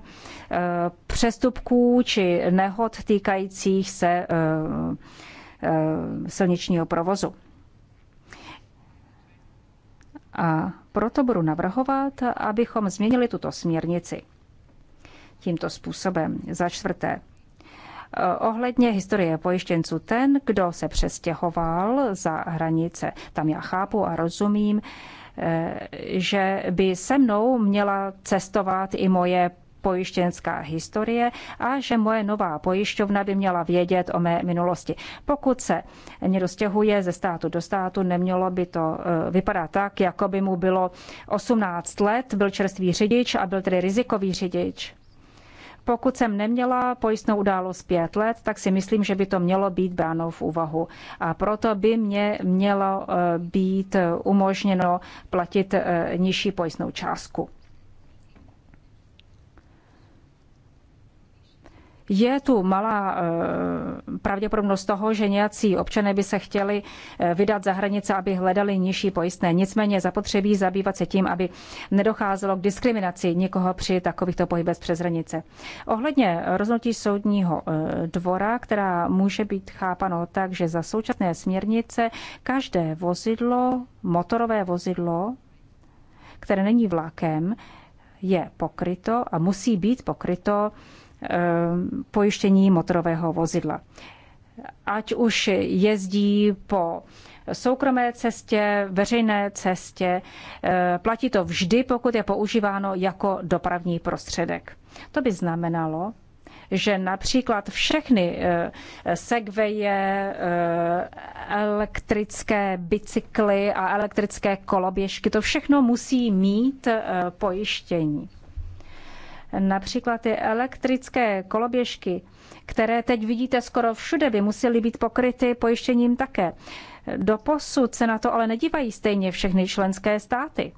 e, přestupků či nehod týkajících se e, e, silničního provozu. A proto budu navrhovat, abychom změnili tuto směrnici. Tímto způsobem. Za čtvrté, eh, Ohledně historie pojištěnců, ten, kdo se přestěhoval za hranice, tam já chápu a rozumím, eh, že by se mnou měla cestovat i moje pojištěnská historie a že moje nová pojišťovna by měla vědět o mé minulosti. Pokud se někdo stěhuje ze státu do státu, nemělo by to eh, vypadat tak, jako by mu bylo 18 let, byl čerstvý řidič a byl tedy rizikový řidič. Pokud jsem neměla pojistnou událost pět let, tak si myslím, že by to mělo být bráno v úvahu. A proto by mě mělo eh, být eh, umožněno platit nižší pojistnou částku. je tu malá eh, pravděpodobnost toho, že nějací občané by se chtěli eh, vydat za hranice, aby hledali nižší pojistné. Nicméně zapotřebí zabývat se tím, aby nedocházelo k diskriminaci nikoho při takovýchto pohybech přes hranice. Ohledně rozhodnutí soudního eh, dvora, která může být chápano tak, že za současné směrnice každé vozidlo, motorové vozidlo, které není vlakem, je pokryto a musí být pokryto Eh, pojištění motorového vozidla. Ať už jezdí po soukromé cestě, veřejné cestě, eh, platí to vždy, pokud je používáno jako dopravní prostředek. To by znamenalo, že například všechny eh, segveje, elektrické bicykly a elektrické koloběžky, to všechno musí mít pojištění. Například ty elektrické koloběžky, které teď vidíte skoro všude, by musely být pokryty pojištěním také. posud se na to ale nedívají stejně všechny členské státy.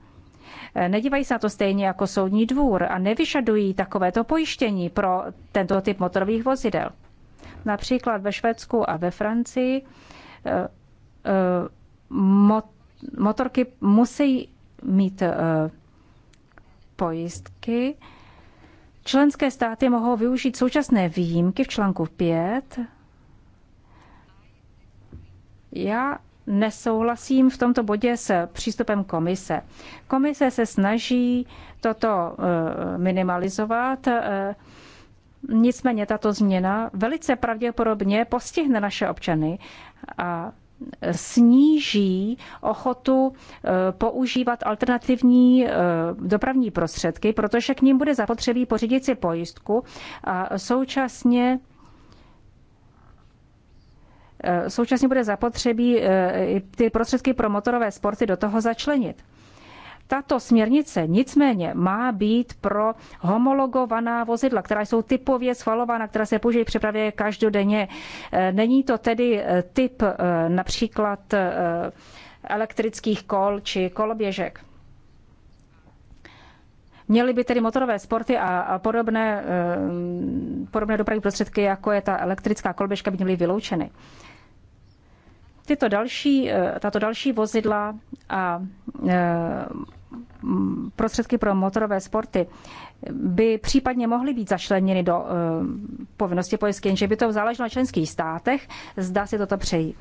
Nedívají se na to stejně jako soudní dvůr a nevyžadují takovéto pojištění pro tento typ motorových vozidel. Například ve Švédsku a ve Francii eh, eh, motorky musí mít eh, pojistky, Členské státy mohou využít současné výjimky v článku 5. Já nesouhlasím v tomto bodě s přístupem komise. Komise se snaží toto eh, minimalizovat, eh, nicméně tato změna velice pravděpodobně postihne naše občany a sníží ochotu eh, používat alternativní eh, dopravní prostředky, protože k ním bude zapotřebí pořídit si pojistku a současně eh, současně bude zapotřebí ty prostředky pro motorové sporty do toho začlenit. Tato směrnice nicméně má být pro homologovaná vozidla, která jsou typově schvalována, která se použijí přepravě každodenně. E, není to tedy e, typ e, například elektrických kol či koloběžek. Měly by tedy motorové sporty a, podobné, podobné dopravní prostředky, jako je ta elektrická kolběžka, by měly vyloučeny. Tyto další, tato další vozidla a prostředky pro motorové sporty by případně mohly být zašleněny do eh, povinnosti pojistky, že by to záleželo na členských státech, zda si toto přejí.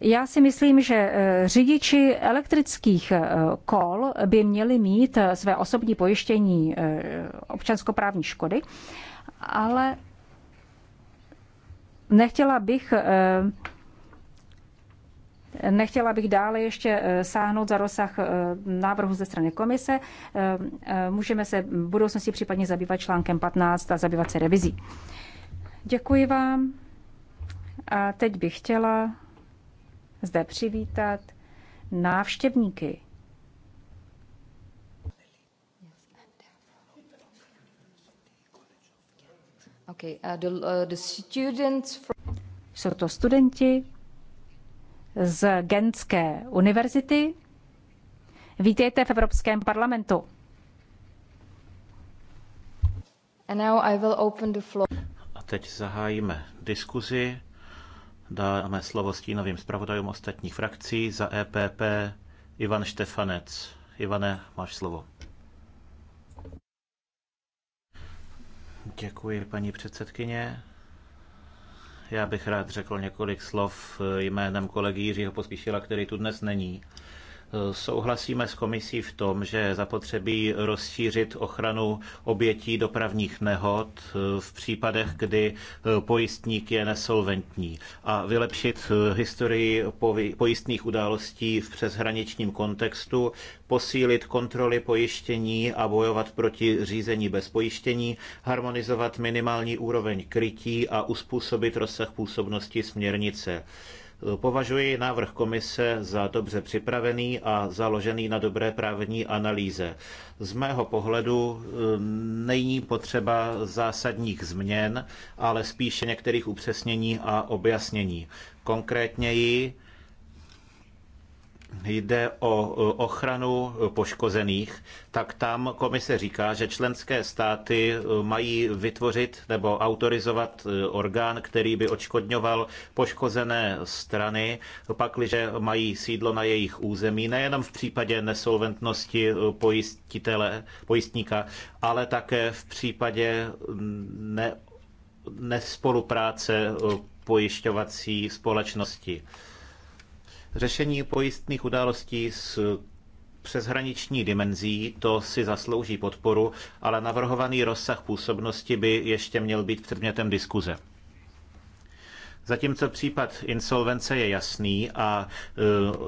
Já si myslím, že eh, řidiči elektrických eh, kol by měli mít své osobní pojištění občanskoprávní škody, ale nechtěla bych Nechtěla bych dále ještě eh, sáhnout za rozsah eh, návrhu ze strany komise. Eh, můžeme se v budoucnosti případně zabývat článkem 15 a zabývat se revizí. Děkuji vám. A teď bych chtěla zde přivítat návštěvníky. Okay, uh, the, uh, the students from... Jsou to studenti z Genské univerzity. Vítejte v Evropském parlamentu. And now I will open the floor. A teď zahájíme diskuzi. Dáme slovo stínovým zpravodajům ostatních frakcí za EPP Ivan Štefanec. Ivane, máš slovo. Děkuji, paní předsedkyně. Já bych rád řekl několik slov jménem kolegy Jiřího Pospíšila, který tu dnes není Souhlasíme s komisí v tom, že zapotřebí rozšířit ochranu obětí dopravních nehod eh, v případech, kdy eh, pojistník je nesolventní a vylepšit eh, historii pojistných událostí v přeshraničním kontextu, posílit kontroly pojištění a bojovat proti řízení bez pojištění, harmonizovat minimální úroveň krytí a uspůsobit rozsah působnosti směrnice. Považuji návrh komise za dobře připravený a založený na dobré právní analýze. Z mého pohledu eh, není potřeba zásadních změn, ale spíše některých upřesnění a objasnění. Konkrétněji jde o e, ochranu e, poškozených, tak tam komise říká, že členské státy e, mají vytvořit nebo autorizovat orgán, který by odškodňoval poškozené strany, pakliže mají sídlo na jejich území, nejenom v případě nesolventnosti pojistitele, pojistníka, ale také v případě ne, nespolupráce pojišťovací společnosti. Řešení pojistných událostí s přeshraniční dimenzí, to si zaslouží podporu, ale navrhovaný rozsah působnosti by ještě měl být předmětem diskuze. Zatímco případ insolvence je jasný a e,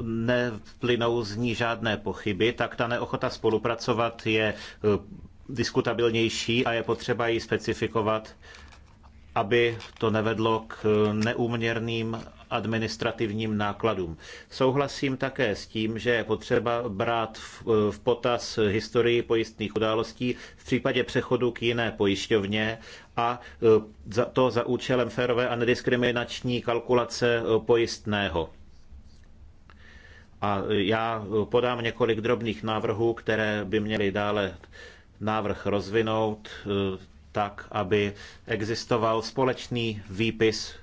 neplynou z ní žádné pochyby, tak ta neochota spolupracovat je e, diskutabilnější a je potřeba ji specifikovat, aby to nevedlo k e, neúměrným administrativním nákladům. Souhlasím také s tím, že je potřeba brát v potaz historii pojistných událostí v případě přechodu k jiné pojišťovně a e, to za účelem férové a nediskriminační kalkulace e, pojistného. A e, já podám několik drobných návrhů, které by měly dále návrh rozvinout tak, aby existoval společný výpis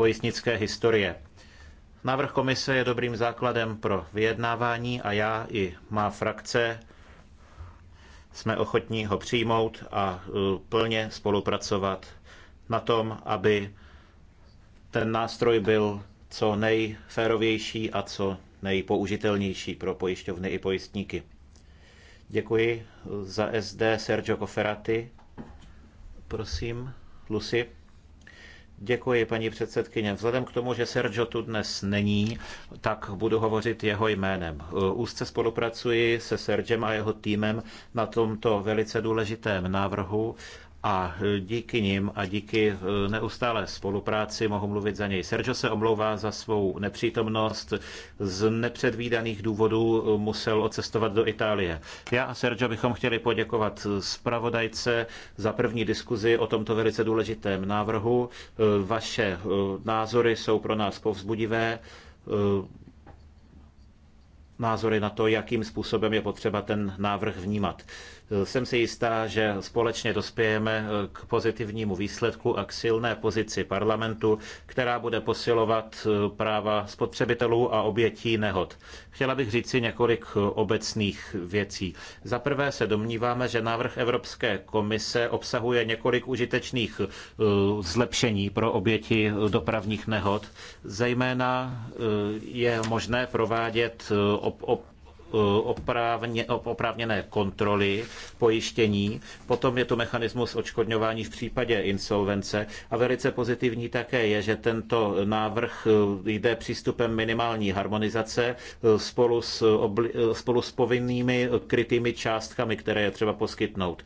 pojistnické historie. Návrh komise je dobrým základem pro vyjednávání a já i má frakce jsme ochotní ho přijmout a e, plně spolupracovat na tom, aby ten nástroj byl co nejférovější a co nejpoužitelnější pro pojišťovny i pojistníky. Děkuji e, za SD Sergio Coferati. Prosím, Lucy. Děkuji, paní předsedkyně. Vzhledem k tomu, že Sergio tu dnes není, tak budu hovořit jeho jménem. Uh, úzce spolupracuji se Sergem a jeho týmem na tomto velice důležitém návrhu a díky nim a díky eh, neustálé spolupráci mohu mluvit za něj. Sergio se omlouvá za svou nepřítomnost. Z nepředvídaných důvodů eh, musel odcestovat do Itálie. Já a Sergio bychom chtěli poděkovat zpravodajce za první diskuzi o tomto velice důležitém návrhu. Eh, vaše názory jsou pro nás povzbudivé názory na to, jakým způsobem je potřeba ten návrh vnímat. Jsem si jistá, že společně dospějeme eh, k pozitivnímu výsledku a k silné pozici parlamentu, která bude posilovat eh, práva spotřebitelů a obětí nehod. Chtěla bych říci několik eh, obecných věcí. Za prvé se domníváme, že návrh Evropské komise obsahuje několik užitečných zlepšení pro oběti dopravních nehod. Zejména je možné provádět op, op Eh, oprávně, oprávněné kontroly pojištění. Potom je tu mechanismus odškodňování v případě insolvence a velice pozitivní také je, že tento návrh eh, jde přístupem minimální harmonizace eh, spolu s, obli, spolu s povinnými krytými částkami, které je třeba poskytnout.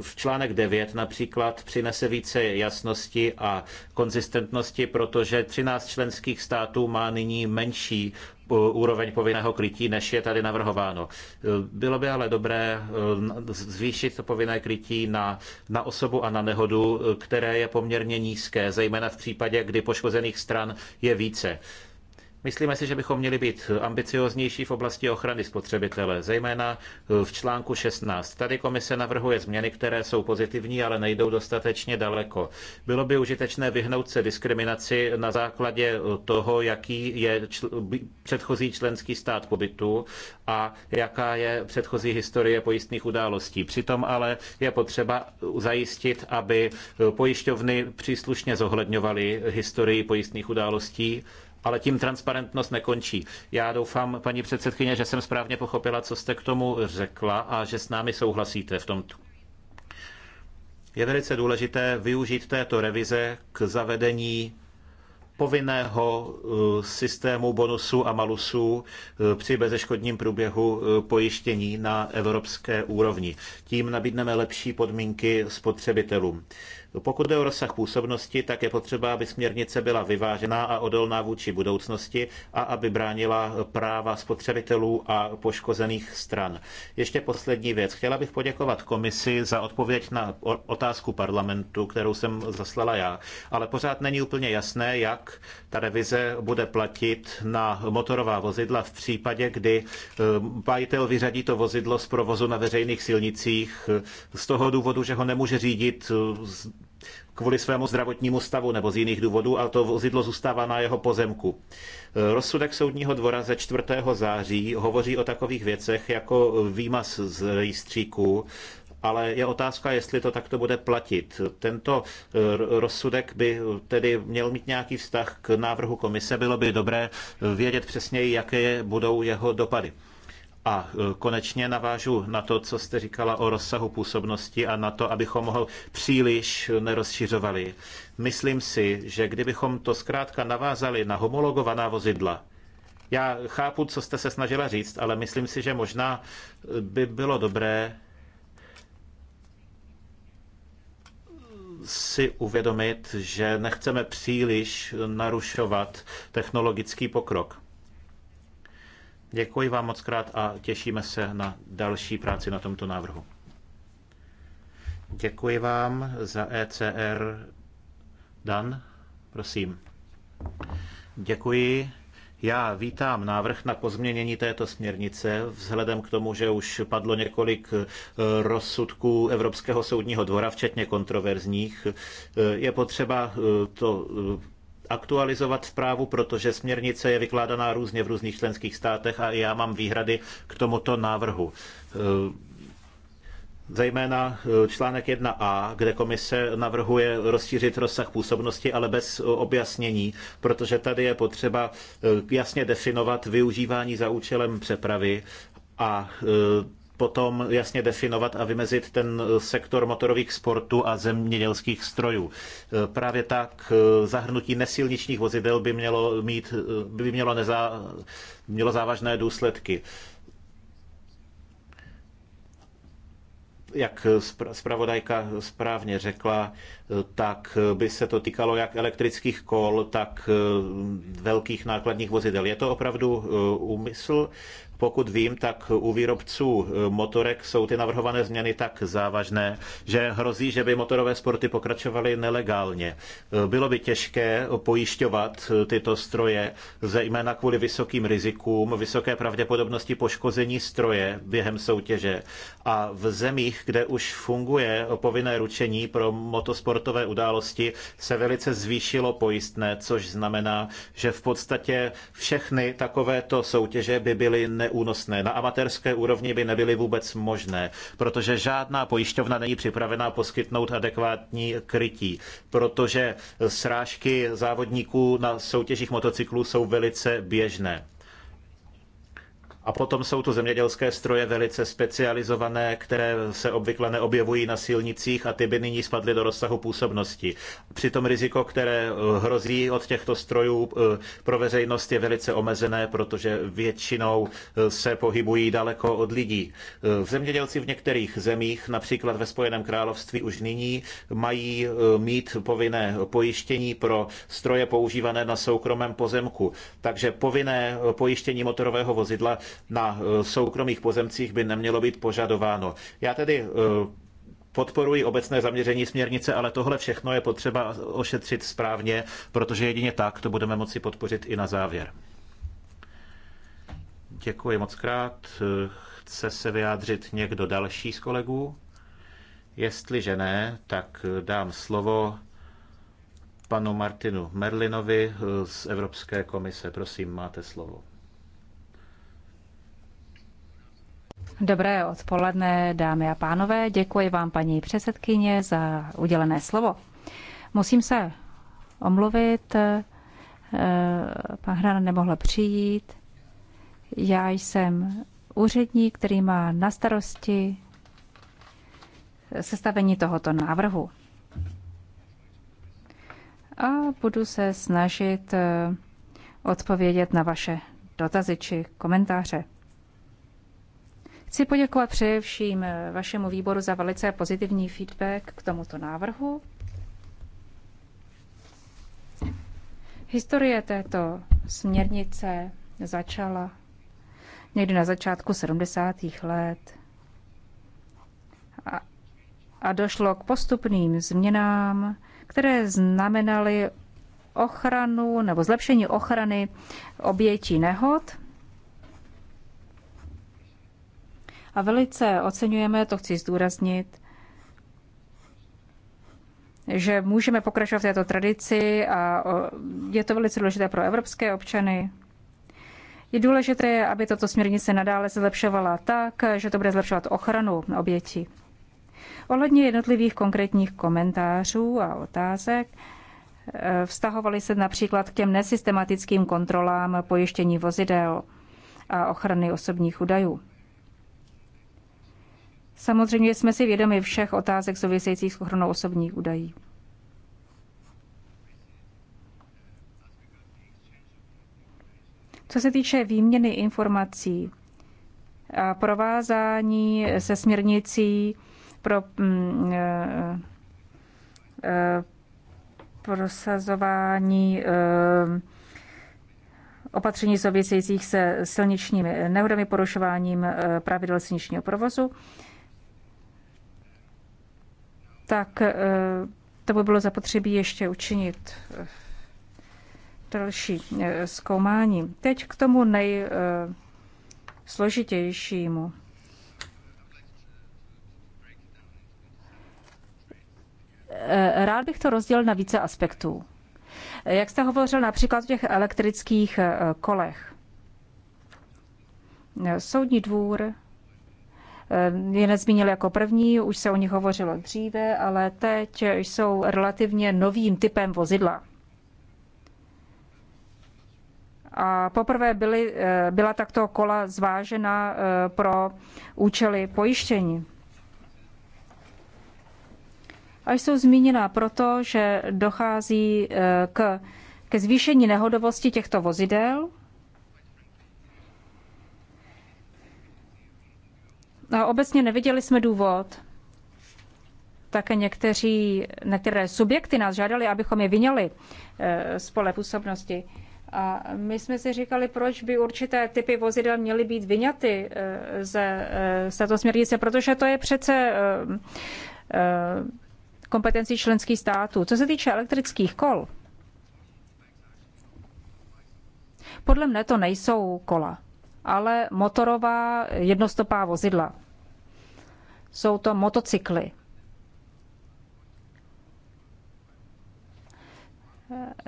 V článek 9 například přinese více jasnosti a konzistentnosti, protože 13 členských států má nyní menší Eh, úroveň povinného krytí, než je tady navrhováno. Eh, bylo by ale dobré eh, zvýšit to povinné krytí na, na osobu a na nehodu, které je poměrně nízké, zejména v případě, kdy poškozených stran je více. Myslíme si, že bychom měli být ambicioznější v oblasti ochrany spotřebitele, zejména eh, v článku 16. Tady komise navrhuje změny, které jsou pozitivní, ale nejdou dostatečně daleko. Bylo by užitečné vyhnout se diskriminaci na základě eh, toho, jaký je čl- předchozí členský stát pobytu a jaká je předchozí historie pojistných událostí. Přitom ale je potřeba zajistit, aby eh, pojišťovny příslušně zohledňovaly historii pojistných událostí ale tím transparentnost nekončí. Já doufám, paní předsedkyně, že jsem správně pochopila, co jste k tomu řekla a že s námi souhlasíte v tomto. Je velice důležité využít této revize k zavedení povinného eh, systému bonusů a malusů eh, při bezeškodním průběhu eh, pojištění na evropské úrovni. Tím nabídneme lepší podmínky spotřebitelům. No, pokud jde o rozsah působnosti, tak je potřeba, aby směrnice byla vyvážená a odolná vůči budoucnosti a aby bránila práva spotřebitelů a poškozených stran. Ještě poslední věc. Chtěla bych poděkovat komisi za odpověď na otázku parlamentu, kterou jsem zaslala já, ale pořád není úplně jasné, jak ta revize bude platit na motorová vozidla v případě, kdy eh, majitel vyřadí to vozidlo z provozu na veřejných silnicích eh, z toho důvodu, že ho nemůže řídit eh, kvůli svému zdravotnímu stavu nebo z jiných důvodů a to vozidlo zůstává na jeho pozemku. Rozsudek soudního dvora ze 4. září hovoří o takových věcech jako výmaz z rejstříků, ale je otázka, jestli to takto bude platit. Tento eh, rozsudek by tedy měl mít nějaký vztah k návrhu komise. Bylo by dobré vědět přesněji, jaké budou jeho dopady. A e, konečně navážu na to, co jste říkala o rozsahu působnosti a na to, abychom ho příliš nerozšiřovali. Myslím si, že kdybychom to zkrátka navázali na homologovaná vozidla, já chápu, co jste se snažila říct, ale myslím si, že možná e, by bylo dobré si uvědomit, že nechceme příliš narušovat technologický pokrok. Děkuji vám moc krát a těšíme se na další práci na tomto návrhu. Děkuji vám za ECR. Dan, prosím. Děkuji. Já vítám návrh na pozměnění této směrnice vzhledem k tomu, že už padlo několik eh, rozsudků Evropského soudního dvora, včetně kontroverzních. Eh, je potřeba eh, to aktualizovat zprávu, protože směrnice je vykládaná různě v různých členských státech a já mám výhrady k tomuto návrhu eh, zejména eh, článek 1a, kde komise navrhuje rozšířit rozsah působnosti, ale bez eh, objasnění, protože tady je potřeba jasně definovat využívání za účelem přepravy a potom jasně definovat a vymezit ten sektor motorových sportů a zemědělských strojů. Právě tak eh, zahrnutí nesilničních vozidel by mělo, mít, eh, by mělo, nezá, mělo závažné důsledky. jak zpravodajka správně řekla, eh, tak by se to týkalo jak elektrických kol, tak velkých nákladních vozidel. Je to opravdu úmysl pokud vím, tak u výrobců eh, motorek jsou ty navrhované změny tak závažné, že hrozí, že by motorové sporty pokračovaly nelegálně. Eh, bylo by těžké pojišťovat eh, tyto stroje, zejména kvůli vysokým rizikům, vysoké pravděpodobnosti poškození stroje během soutěže a v zemích, kde už funguje povinné ručení pro motosportové události, se velice zvýšilo pojistné, což znamená, že v podstatě všechny takovéto soutěže by byly neúnosné. Na amatérské úrovni by nebyly vůbec možné, protože žádná pojišťovna není připravená poskytnout adekvátní krytí, protože srážky závodníků na soutěžích motocyklů jsou velice běžné. A potom jsou tu zemědělské stroje velice specializované, které se obvykle neobjevují na silnicích a ty by nyní spadly do rozsahu působnosti. Přitom riziko, které eh, hrozí od těchto strojů eh, pro veřejnost je velice omezené, protože většinou eh, se pohybují daleko od lidí. Zemědělci v některých zemích, například ve Spojeném království už nyní, mají mít povinné pojištění pro stroje používané na soukromém pozemku. Takže povinné pojištění motorového vozidla na eh, soukromých pozemcích by nemělo být požadováno. Já tedy eh, podporuji obecné zaměření směrnice, ale tohle všechno je potřeba ošetřit správně, protože jedině tak to budeme moci podpořit i na závěr. Děkuji moc krát. Chce se vyjádřit někdo další z kolegů? Jestliže ne, tak dám slovo panu Martinu Merlinovi z Evropské komise. Prosím, máte slovo. Dobré odpoledne, dámy a pánové. Děkuji vám, paní předsedkyně, za udělené slovo. Musím se omluvit. Eh, pan hrana nemohl přijít. Já jsem úředník, který má na starosti sestavení tohoto návrhu. A budu se snažit eh, odpovědět na vaše dotazy či komentáře. Chci poděkovat především eh, vašemu výboru za velice pozitivní feedback k tomuto návrhu. Historie této směrnice začala někdy na začátku 70. let a, a došlo k postupným změnám, které znamenaly ochranu nebo zlepšení ochrany obětí nehod A velice oceňujeme, to chci zdůraznit, že můžeme pokračovat v této tradici a je to velice důležité pro evropské občany. Je důležité, aby tato směrnice nadále zlepšovala tak, že to bude zlepšovat ochranu obětí. Ohledně jednotlivých konkrétních komentářů a otázek e, vztahovaly se například k těm nesystematickým kontrolám pojištění vozidel a ochrany osobních údajů. Samozřejmě jsme si vědomi všech otázek souvisejících s ochranou osobních údají. Co se týče výměny informací a provázání se směrnicí pro mm, e, e, prosazování e, opatření souvisejících se silničními nehodami, porušováním pravidel silničního provozu tak eh, to by bylo zapotřebí ještě učinit eh, další eh, zkoumání. Teď k tomu nejsložitějšímu. Rád bych to rozdělil na více aspektů. Jak jste hovořil například o těch elektrických kolech. Soudní dvůr Eh, je nezmínil jako první, už se o nich hovořilo dříve, ale teď jsou relativně novým typem vozidla. A poprvé byly, eh, byla takto kola zvážena eh, pro účely pojištění. A jsou zmíněna proto, že dochází k, ke zvýšení nehodovosti těchto vozidel, A obecně neviděli jsme důvod. Také někteří, některé subjekty nás žádali, abychom je vyněli eh, z pole působnosti. A my jsme si říkali, proč by určité typy vozidel měly být vyňaty eh, ze, eh, z této směrnice, protože to je přece kompetencí členských států. Co se týče elektrických kol, podle mne to nejsou kola, ale motorová jednostopá vozidla. Jsou to motocykly.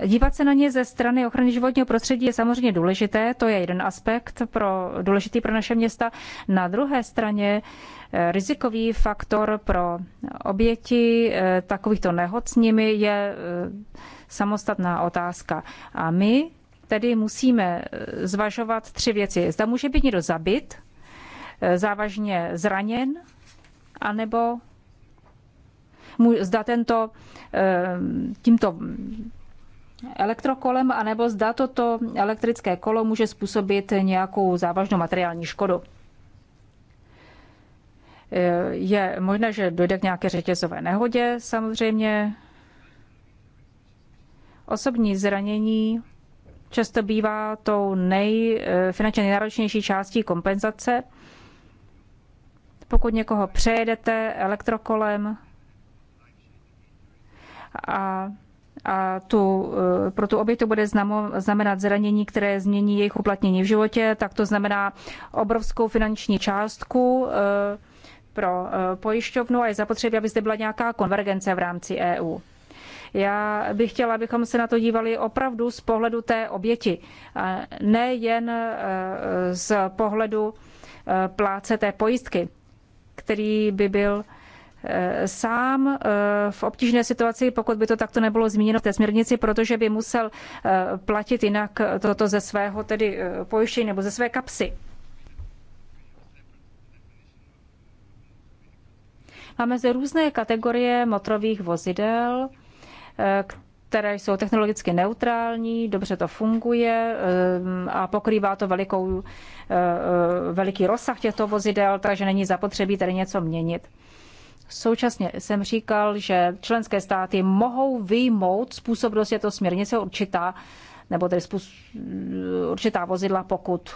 Dívat se na ně ze strany ochrany životního prostředí je samozřejmě důležité, to je jeden aspekt pro, důležitý pro naše města. Na druhé straně eh, rizikový faktor pro oběti eh, takovýchto nehod s nimi je eh, samostatná otázka. A my tedy musíme zvažovat tři věci. Zda může být někdo zabit, závažně zraněn anebo zda tento, eh, tímto elektrokolem, anebo zda toto elektrické kolo může způsobit nějakou závažnou materiální škodu. Eh, je možné, že dojde k nějaké řetězové nehodě, samozřejmě. Osobní zranění často bývá tou nej, eh, finančně nejnáročnější částí kompenzace pokud někoho přejedete elektrokolem a, a tu, eh, pro tu oběť to bude znamenat zranění, které změní jejich uplatnění v životě, tak to znamená obrovskou finanční částku eh, pro eh, pojišťovnu a je zapotřebí, aby zde byla nějaká konvergence v rámci EU. Já bych chtěla, abychom se na to dívali opravdu z pohledu té oběti, nejen z pohledu pláce té pojistky který by byl eh, sám eh, v obtížné situaci, pokud by to takto nebylo zmíněno v té směrnici, protože by musel eh, platit jinak toto ze svého tedy pojištění nebo ze své kapsy. Máme zde různé kategorie motorových vozidel, které jsou technologicky neutrální, dobře to funguje ehm, a pokrývá to velikou, eh, eh, veliký rozsah těchto vozidel, takže není zapotřebí tady něco měnit. Současně jsem říkal, že členské státy mohou vyjmout způsobnost, je to směrnice určitá, nebo tedy způsob, určitá vozidla, pokud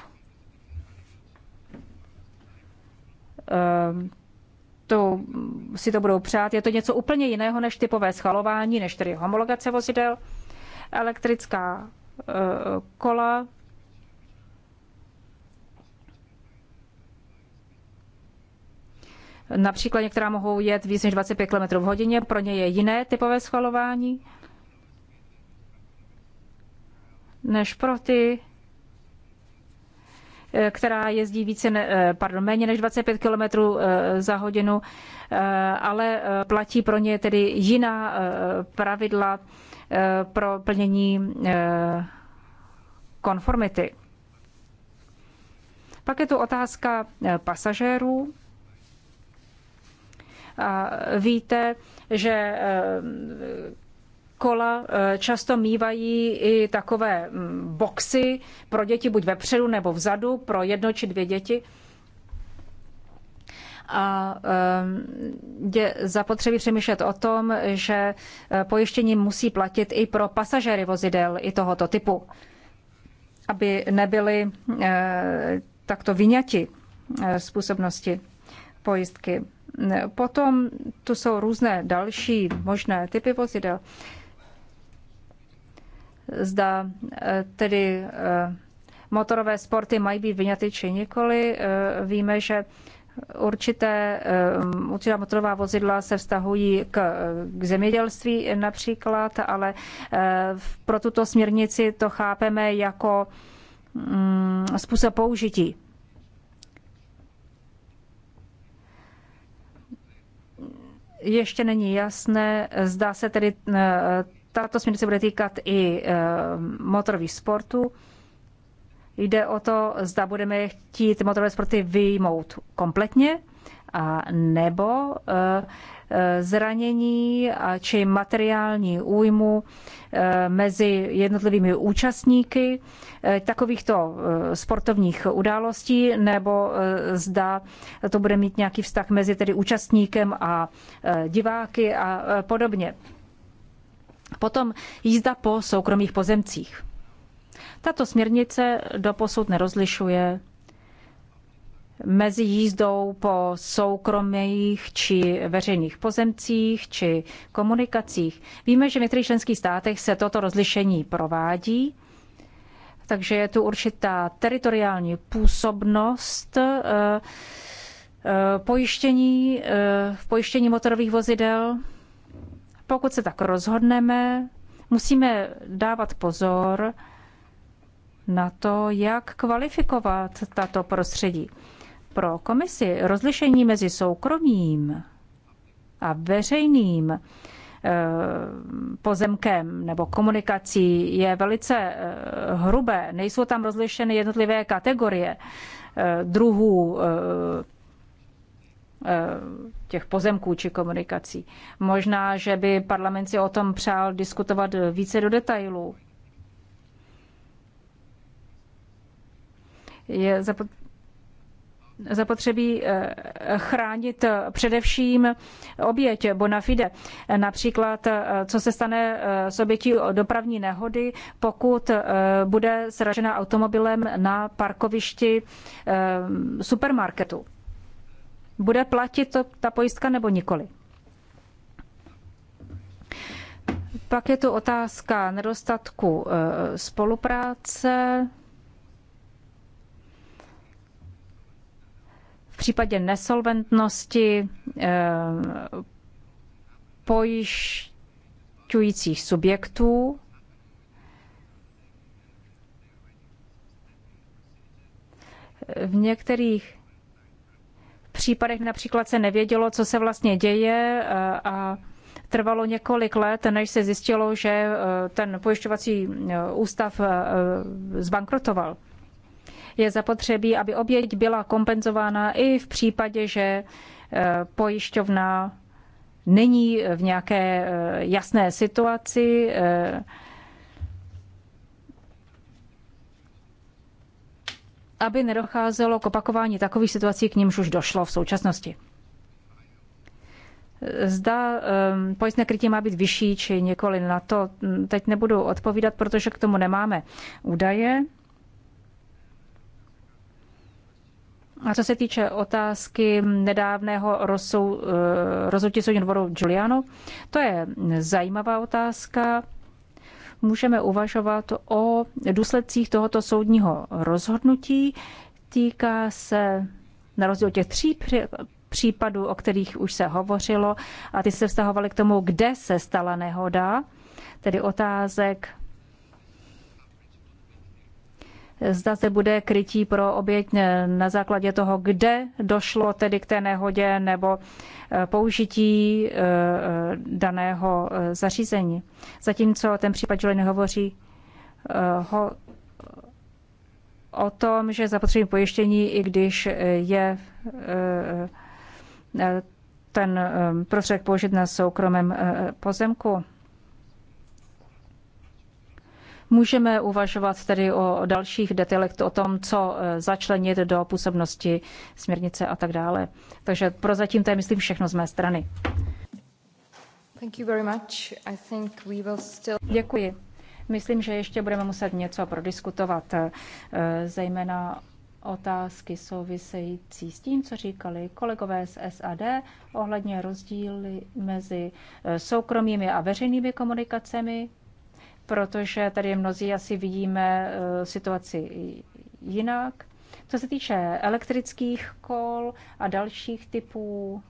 ehm, to, si to budou přát. Je to něco úplně jiného než typové schalování, než tedy homologace vozidel. Elektrická e, kola Například některá mohou jet víc než 25 km v hodině, pro ně je jiné typové schvalování než pro ty, která jezdí více, eh, pardon, méně než 25 km eh, za hodinu, eh, ale platí pro ně tedy jiná pravidla pro plnění konformity. Pak je tu otázka pasažérů. A víte, že kola eh, často mývají i takové mm, boxy pro děti buď vepředu nebo vzadu, pro jedno či dvě děti. A eh, je zapotřebí přemýšlet o tom, že eh, pojištění musí platit i pro pasažéry vozidel i tohoto typu, aby nebyly takto vyňati způsobnosti pojistky. Potom tu jsou různé další možné typy vozidel zda e, tedy e, motorové sporty mají být vyňaty či nikoli. E, víme, že určité, určitá motorová vozidla se vztahují k, k zemědělství například, ale pro tuto směrnici to chápeme jako mm, způsob použití. Ještě není jasné, zdá se tedy tato směrnice bude týkat i eh, motorových sportů. Jde o to, zda budeme chtít motorové sporty vyjmout kompletně, a nebo eh, eh, zranění či materiální újmu mezi jednotlivými účastníky takovýchto sportovních událostí, nebo zda to bude mít nějaký vztah mezi tedy účastníkem a diváky a podobně. Potom jízda po soukromých pozemcích. Tato směrnice doposud nerozlišuje mezi jízdou po soukromých či veřejných pozemcích či komunikacích. Víme, že v některých členských státech se toto rozlišení provádí, takže je tu určitá teritoriální působnost eh, eh, pojištění, eh, v pojištění motorových vozidel pokud se tak rozhodneme, musíme dávat pozor na to, jak kvalifikovat tato prostředí. Pro komisi rozlišení mezi soukromým a veřejným eh, pozemkem nebo komunikací je velice eh, hrubé. Nejsou tam rozlišeny jednotlivé kategorie eh, druhů Eh, těch pozemků či komunikací. Možná, že by parlament si o tom přál diskutovat více do detailů. Je zapotřebí eh, chránit především oběť bona fide. Například, eh, co se stane s obětí dopravní nehody, pokud bude sražena automobilem na parkovišti supermarketu bude platit to, ta pojistka nebo nikoli. Pak je tu otázka nedostatku eh, spolupráce. V případě nesolventnosti eh, pojišťujících subjektů v některých případech například se nevědělo, co se vlastně děje eh, a trvalo několik let, než se zjistilo, že eh, ten pojišťovací eh, ústav zbankrotoval. Je zapotřebí, aby oběť byla kompenzována i v případě, že pojišťovna není v nějaké jasné situaci, aby nedocházelo k opakování takových situací, k nímž už došlo v současnosti. Zda um, pojistné krytí má být vyšší či několik na to hm, teď nebudu odpovídat, protože k tomu nemáme údaje. A co se týče otázky nedávného rozsou, ehm, rozhodnutí soudního dvoru Giuliano, to je zajímavá otázka můžeme uvažovat o důsledcích tohoto soudního rozhodnutí. Týká se na rozdíl od těch tří případů, o kterých už se hovořilo, a ty se vztahovaly k tomu, kde se stala nehoda, tedy otázek Zda se bude krytí pro oběť na základě toho, kde došlo tedy k té nehodě nebo eh, použití eh, eh, daného zařízení. Zatímco ten případ Julie nehovoří ho o tom, že zapotřebí pojištění, i když je ten prostředek použit na soukromém pozemku. Můžeme uvažovat tedy o dalších detailech, o tom, co e, začlenit do působnosti směrnice a tak dále. Takže prozatím to je, myslím, všechno z mé strany. Děkuji. Myslím, že ještě budeme muset něco prodiskutovat, e, zejména otázky související s tím, co říkali kolegové z SAD ohledně rozdíly mezi e, soukromými a veřejnými komunikacemi protože tady mnozí asi vidíme eh, situaci jinak. Co se týče elektrických kol a dalších typů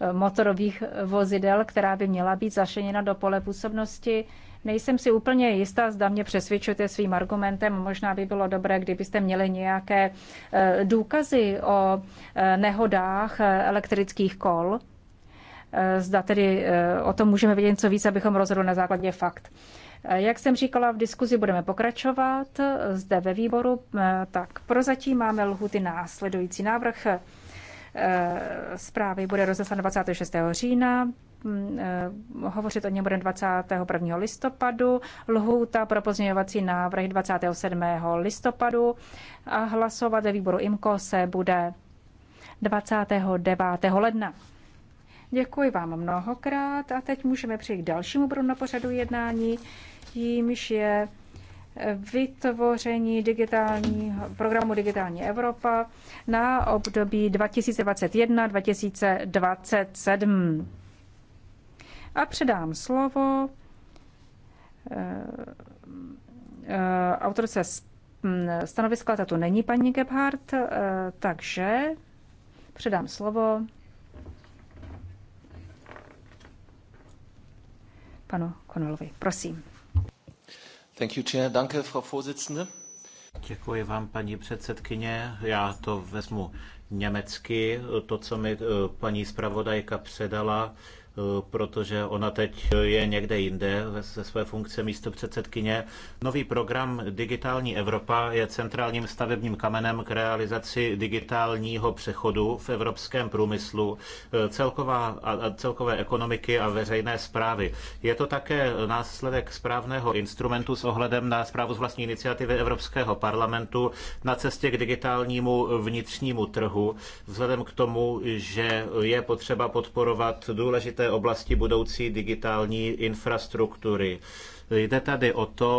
eh, motorových vozidel, která by měla být zašeněna do pole působnosti, nejsem si úplně jistá, zda mě přesvědčujete svým argumentem. Možná by bylo dobré, kdybyste měli nějaké eh, důkazy o nehodách elektrických kol. Zda tedy o tom můžeme vědět něco víc, abychom rozhodli na základě fakt. Jak jsem říkala, v diskuzi budeme pokračovat zde ve výboru, tak prozatím máme lhuty následující návrh. Zprávy bude rozeslán 26. října, hovořit o něm budeme 21. listopadu, lhůta pro pozměňovací návrh 27. listopadu a hlasovat ve výboru IMKO se bude 29. ledna. Děkuji vám mnohokrát a teď můžeme přejít k dalšímu bodu na pořadu jednání tímž je eh, vytvoření digitálního, programu Digitální Evropa na období 2021-2027. A předám slovo eh, eh, autorce stanoviska, tato není paní Gebhardt, takže předám slovo panu Konolovi. Prosím. Thank you, Chair. Danke, Frau Vorsitzende. Děkuji vám, paní předsedkyně. Já to vezmu německy, to, co mi eh, paní zpravodajka předala Eh, protože ona teď je někde jinde ze své funkce místo předsedkyně. Nový program Digitální Evropa je centrálním stavebním kamenem k realizaci digitálního přechodu v evropském průmyslu, eh, celková, celkové ekonomiky a veřejné zprávy. Je to také následek správného instrumentu s ohledem na zprávu z vlastní iniciativy Evropského parlamentu na cestě k digitálnímu vnitřnímu trhu, vzhledem k tomu, že je potřeba podporovat důležité té oblasti budoucí digitální infrastruktury. Jde tady o to,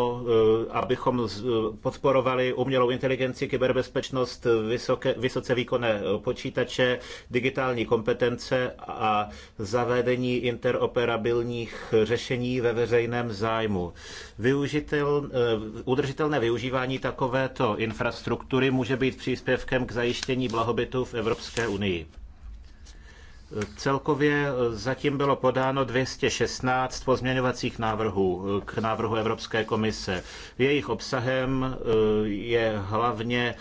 eh, abychom eh, podporovali umělou inteligenci, kyberbezpečnost, vysoké, vysoce výkonné eh, počítače, digitální kompetence a zavedení interoperabilních řešení ve veřejném zájmu. Využitel, udržitelné využívání takovéto infrastruktury může být příspěvkem k zajištění blahobytu v Evropské unii. Celkově eh, zatím bylo podáno 216 pozměňovacích návrhů eh, k návrhu Evropské komise. Jejich obsahem eh, je hlavně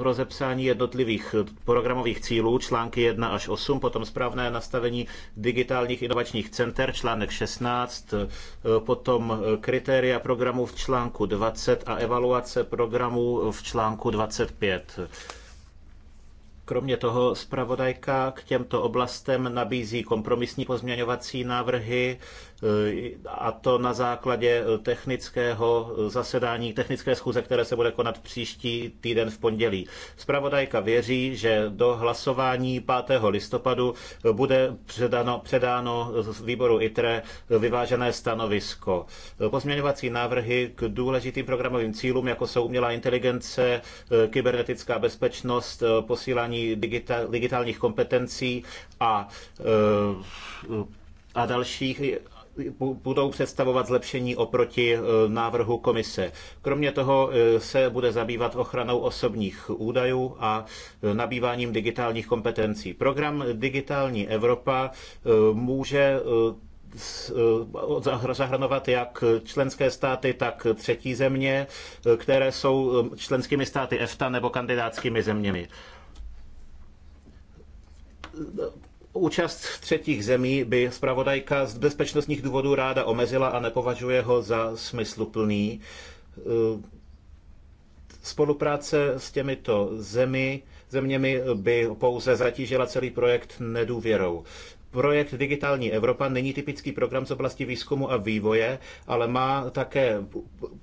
rozepsání jednotlivých programových cílů, články 1 až 8, potom správné nastavení digitálních inovačních center, článek 16, potom kritéria programů v článku 20 a evaluace programů v článku 25. Kromě toho zpravodajka k těmto oblastem nabízí kompromisní pozměňovací návrhy eh, a to na základě technického zasedání, technické schůze, které se bude konat příští týden v pondělí. Zpravodajka věří, že do hlasování 5. listopadu bude předáno, předáno výboru ITRE vyvážené stanovisko. Pozměňovací návrhy k důležitým programovým cílům, jako jsou umělá inteligence, eh, kybernetická bezpečnost, eh, posílání zvyšování digitálních kompetencí a, eh, a dalších budou představovat zlepšení oproti eh, návrhu komise. Kromě toho eh, se bude zabývat ochranou osobních údajů a nabýváním digitálních kompetencí. Program Digitální Evropa může zahrnovat jak členské státy, tak třetí země, které jsou členskými státy EFTA nebo kandidátskými zeměmi. Účast třetích zemí by zpravodajka z bezpečnostních důvodů ráda omezila a nepovažuje ho za smysluplný. Eh, spolupráce s těmito zemi, zeměmi by pouze zatížila celý projekt nedůvěrou. Projekt Digitální Evropa není typický program z oblasti výzkumu a vývoje, ale má také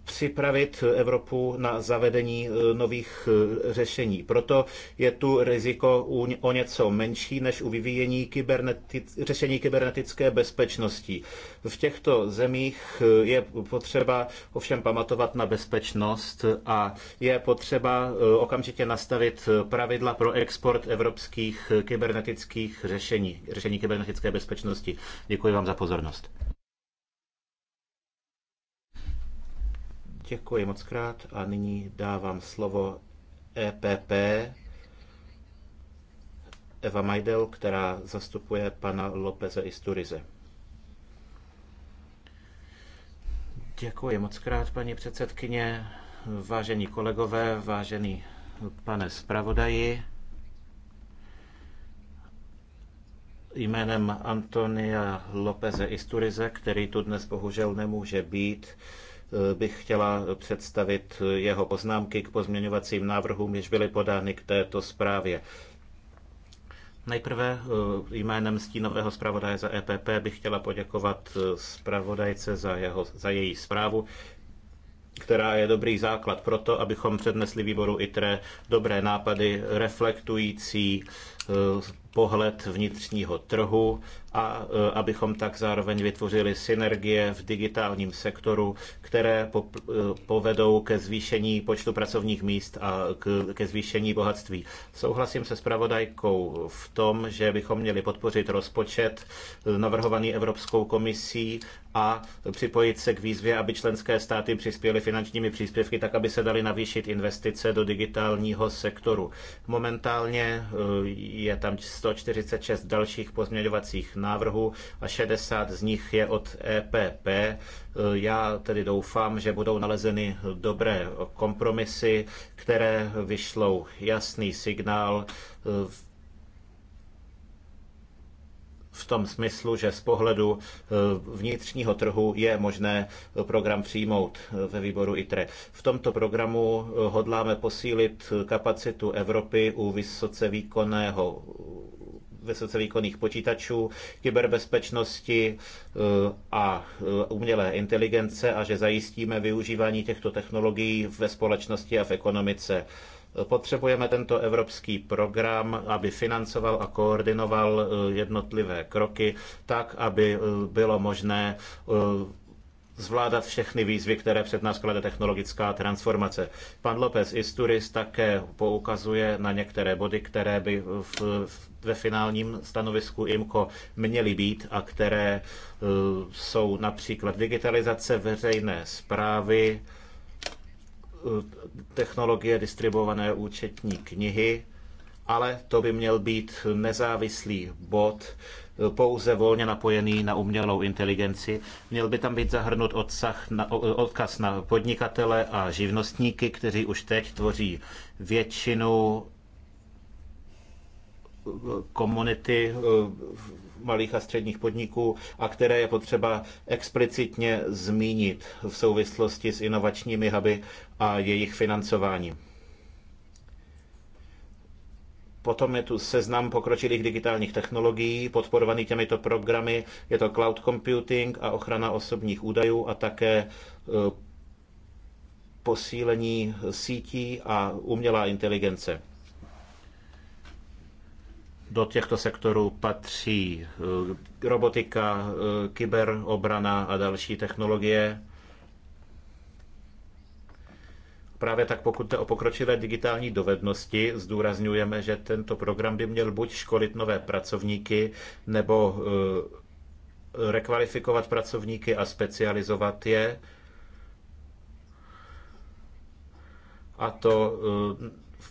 připravit Evropu na zavedení e, nových e, řešení. Proto je tu riziko o něco menší než u vyvíjení kybernetic, řešení kybernetické bezpečnosti. V těchto zemích e, je potřeba ovšem pamatovat na bezpečnost a je potřeba okamžitě nastavit pravidla pro export evropských kybernetických řešení, řešení kybernetických kybernetické bezpečnosti. Děkuji vám za pozornost. Děkuji moc krát a nyní dávám slovo EPP Eva Majdel, která zastupuje pana Lopeze Isturize. Děkuji moc krát, paní předsedkyně, vážení kolegové, vážený pane zpravodaji. jménem Antonia Lopeze Isturize, který tu dnes bohužel nemůže být, eh, bych chtěla představit jeho poznámky k pozměňovacím návrhům, jež byly podány k této zprávě. Nejprve eh, jménem stínového zpravodaje za EPP bych chtěla poděkovat eh, zpravodajce za, jeho, za její zprávu, která je dobrý základ pro to, abychom přednesli výboru ITRE dobré nápady reflektující pohled vnitřního trhu a e, abychom tak zároveň vytvořili synergie v digitálním sektoru, které e, povedou ke zvýšení počtu pracovních míst a ke zvýšení bohatství. Souhlasím se spravodajkou v tom, že bychom měli podpořit rozpočet e, navrhovaný Evropskou komisí a připojit se k výzvě, aby členské státy přispěly finančními příspěvky, tak aby se daly navýšit investice do digitálního sektoru. Momentálně eh, je tam 146 dalších pozměňovacích návrhů a 60 z nich je od EPP. Eh, já tedy doufám, že budou nalezeny dobré kompromisy, které vyšlou jasný signál v eh, v tom smyslu, že z pohledu e, vnitřního trhu je možné program přijmout e, ve výboru ITRE. V tomto programu e, hodláme posílit kapacitu Evropy u vysoce výkonného vysoce výkonných počítačů, kyberbezpečnosti a umělé inteligence a že zajistíme využívání těchto technologií ve společnosti a v ekonomice. Potřebujeme tento evropský program, aby financoval a koordinoval eh, jednotlivé kroky tak, aby eh, bylo možné eh, zvládat všechny výzvy, které před nás klade technologická transformace. Pan López Isturis také poukazuje na některé body, které by v, ve finálním stanovisku IMCO měly být a které jsou například digitalizace veřejné zprávy, technologie distribuované účetní knihy, ale to by měl být nezávislý bod, eh, pouze volně napojený na umělou inteligenci. Měl by tam být zahrnut odsah na, odkaz na podnikatele a živnostníky, kteří už teď tvoří většinu eh, komunity eh, malých a středních podniků a které je potřeba explicitně zmínit v souvislosti s inovačními huby a jejich financováním. Potom je tu seznam pokročilých digitálních technologií podporovaný těmito programy. Je to cloud computing a ochrana osobních údajů a také e, posílení sítí a umělá inteligence. Do těchto sektorů patří eh, robotika, eh, kyberobrana a další technologie. Právě tak, pokud jde o pokročilé digitální dovednosti, zdůrazňujeme, že tento program by měl buď školit nové pracovníky, nebo eh, rekvalifikovat pracovníky a specializovat je. A to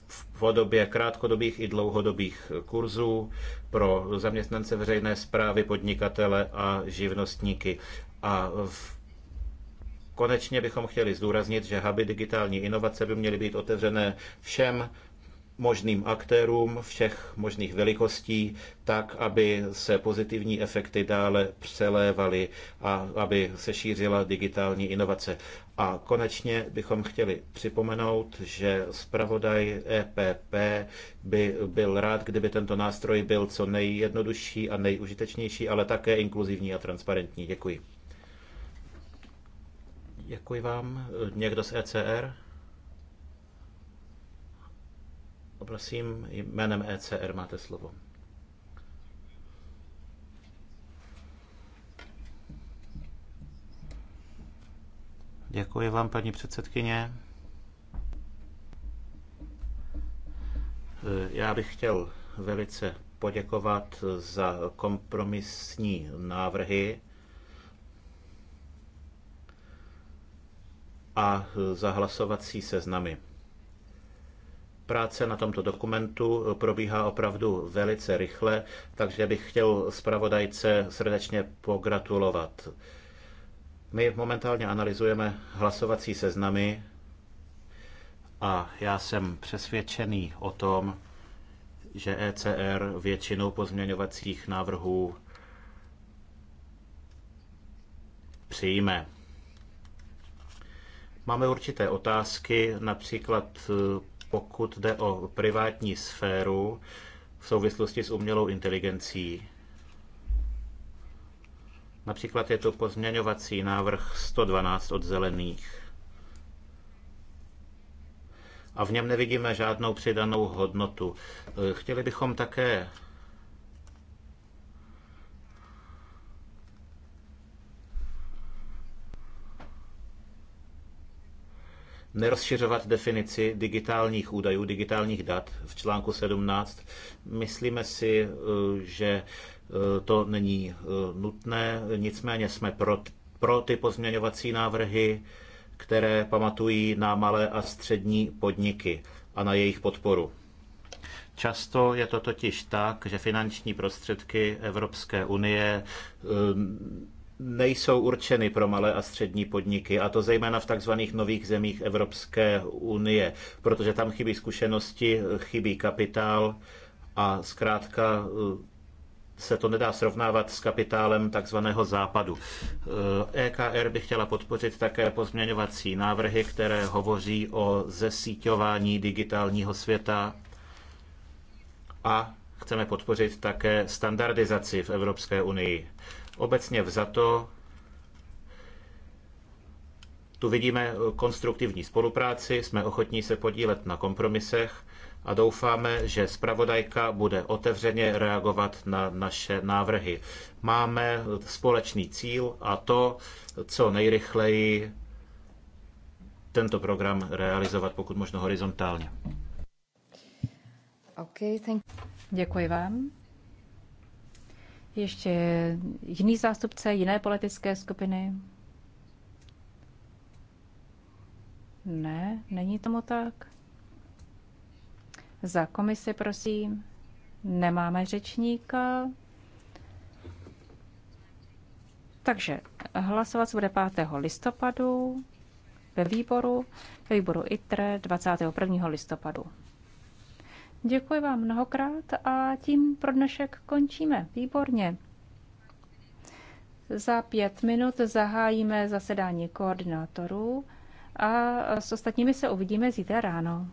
v podobě krátkodobých i dlouhodobých kurzů pro zaměstnance veřejné zprávy, podnikatele a živnostníky. A v Konečně bychom chtěli zdůraznit, že huby digitální inovace by měly být otevřené všem možným aktérům všech možných velikostí, tak, aby se pozitivní efekty dále přelévaly a aby se šířila digitální inovace. A konečně bychom chtěli připomenout, že zpravodaj EPP by byl rád, kdyby tento nástroj byl co nejjednodušší a nejužitečnější, ale také inkluzivní a transparentní. Děkuji. Děkuji vám. Někdo z ECR? Prosím, jménem ECR máte slovo. Děkuji vám, paní předsedkyně. Já bych chtěl velice poděkovat za kompromisní návrhy a za hlasovací seznamy. Práce na tomto dokumentu eh, probíhá opravdu velice rychle, takže bych chtěl zpravodajce srdečně pogratulovat. My momentálně analyzujeme hlasovací seznamy a já jsem přesvědčený o tom, že ECR většinou pozměňovacích návrhů přijme. Máme určité otázky, například eh, pokud jde o privátní sféru v souvislosti s umělou inteligencí. Například je to pozměňovací návrh 112 od zelených. A v něm nevidíme žádnou přidanou hodnotu. Chtěli bychom také nerozšiřovat definici digitálních údajů, digitálních dat v článku 17. Myslíme si, eh, že eh, to není eh, nutné, nicméně jsme pro, pro ty pozměňovací návrhy, které pamatují na malé a střední podniky a na jejich podporu. Často je to totiž tak, že finanční prostředky Evropské unie nejsou určeny pro malé a střední podniky, a to zejména v takzvaných nových zemích Evropské unie, protože tam chybí zkušenosti, chybí kapitál a zkrátka eh, se to nedá srovnávat s kapitálem takzvaného západu. EKR eh, e by chtěla podpořit také pozměňovací návrhy, které hovoří o zesíťování digitálního světa a chceme podpořit také standardizaci v Evropské unii. Obecně vzato tu vidíme konstruktivní spolupráci, jsme ochotní se podílet na kompromisech a doufáme, že zpravodajka bude otevřeně reagovat na naše návrhy. Máme společný cíl a to, co nejrychleji tento program realizovat, pokud možno horizontálně. Okay, thank... Děkuji vám ještě jiný zástupce jiné politické skupiny? Ne, není tomu tak. Za komisi, prosím. Nemáme řečníka. Takže hlasovat se bude 5. listopadu ve výboru, ve výboru ITRE 21. listopadu. Děkuji vám mnohokrát a tím pro dnešek končíme. Výborně. Za pět minut zahájíme zasedání koordinátorů a s ostatními se uvidíme zítra ráno.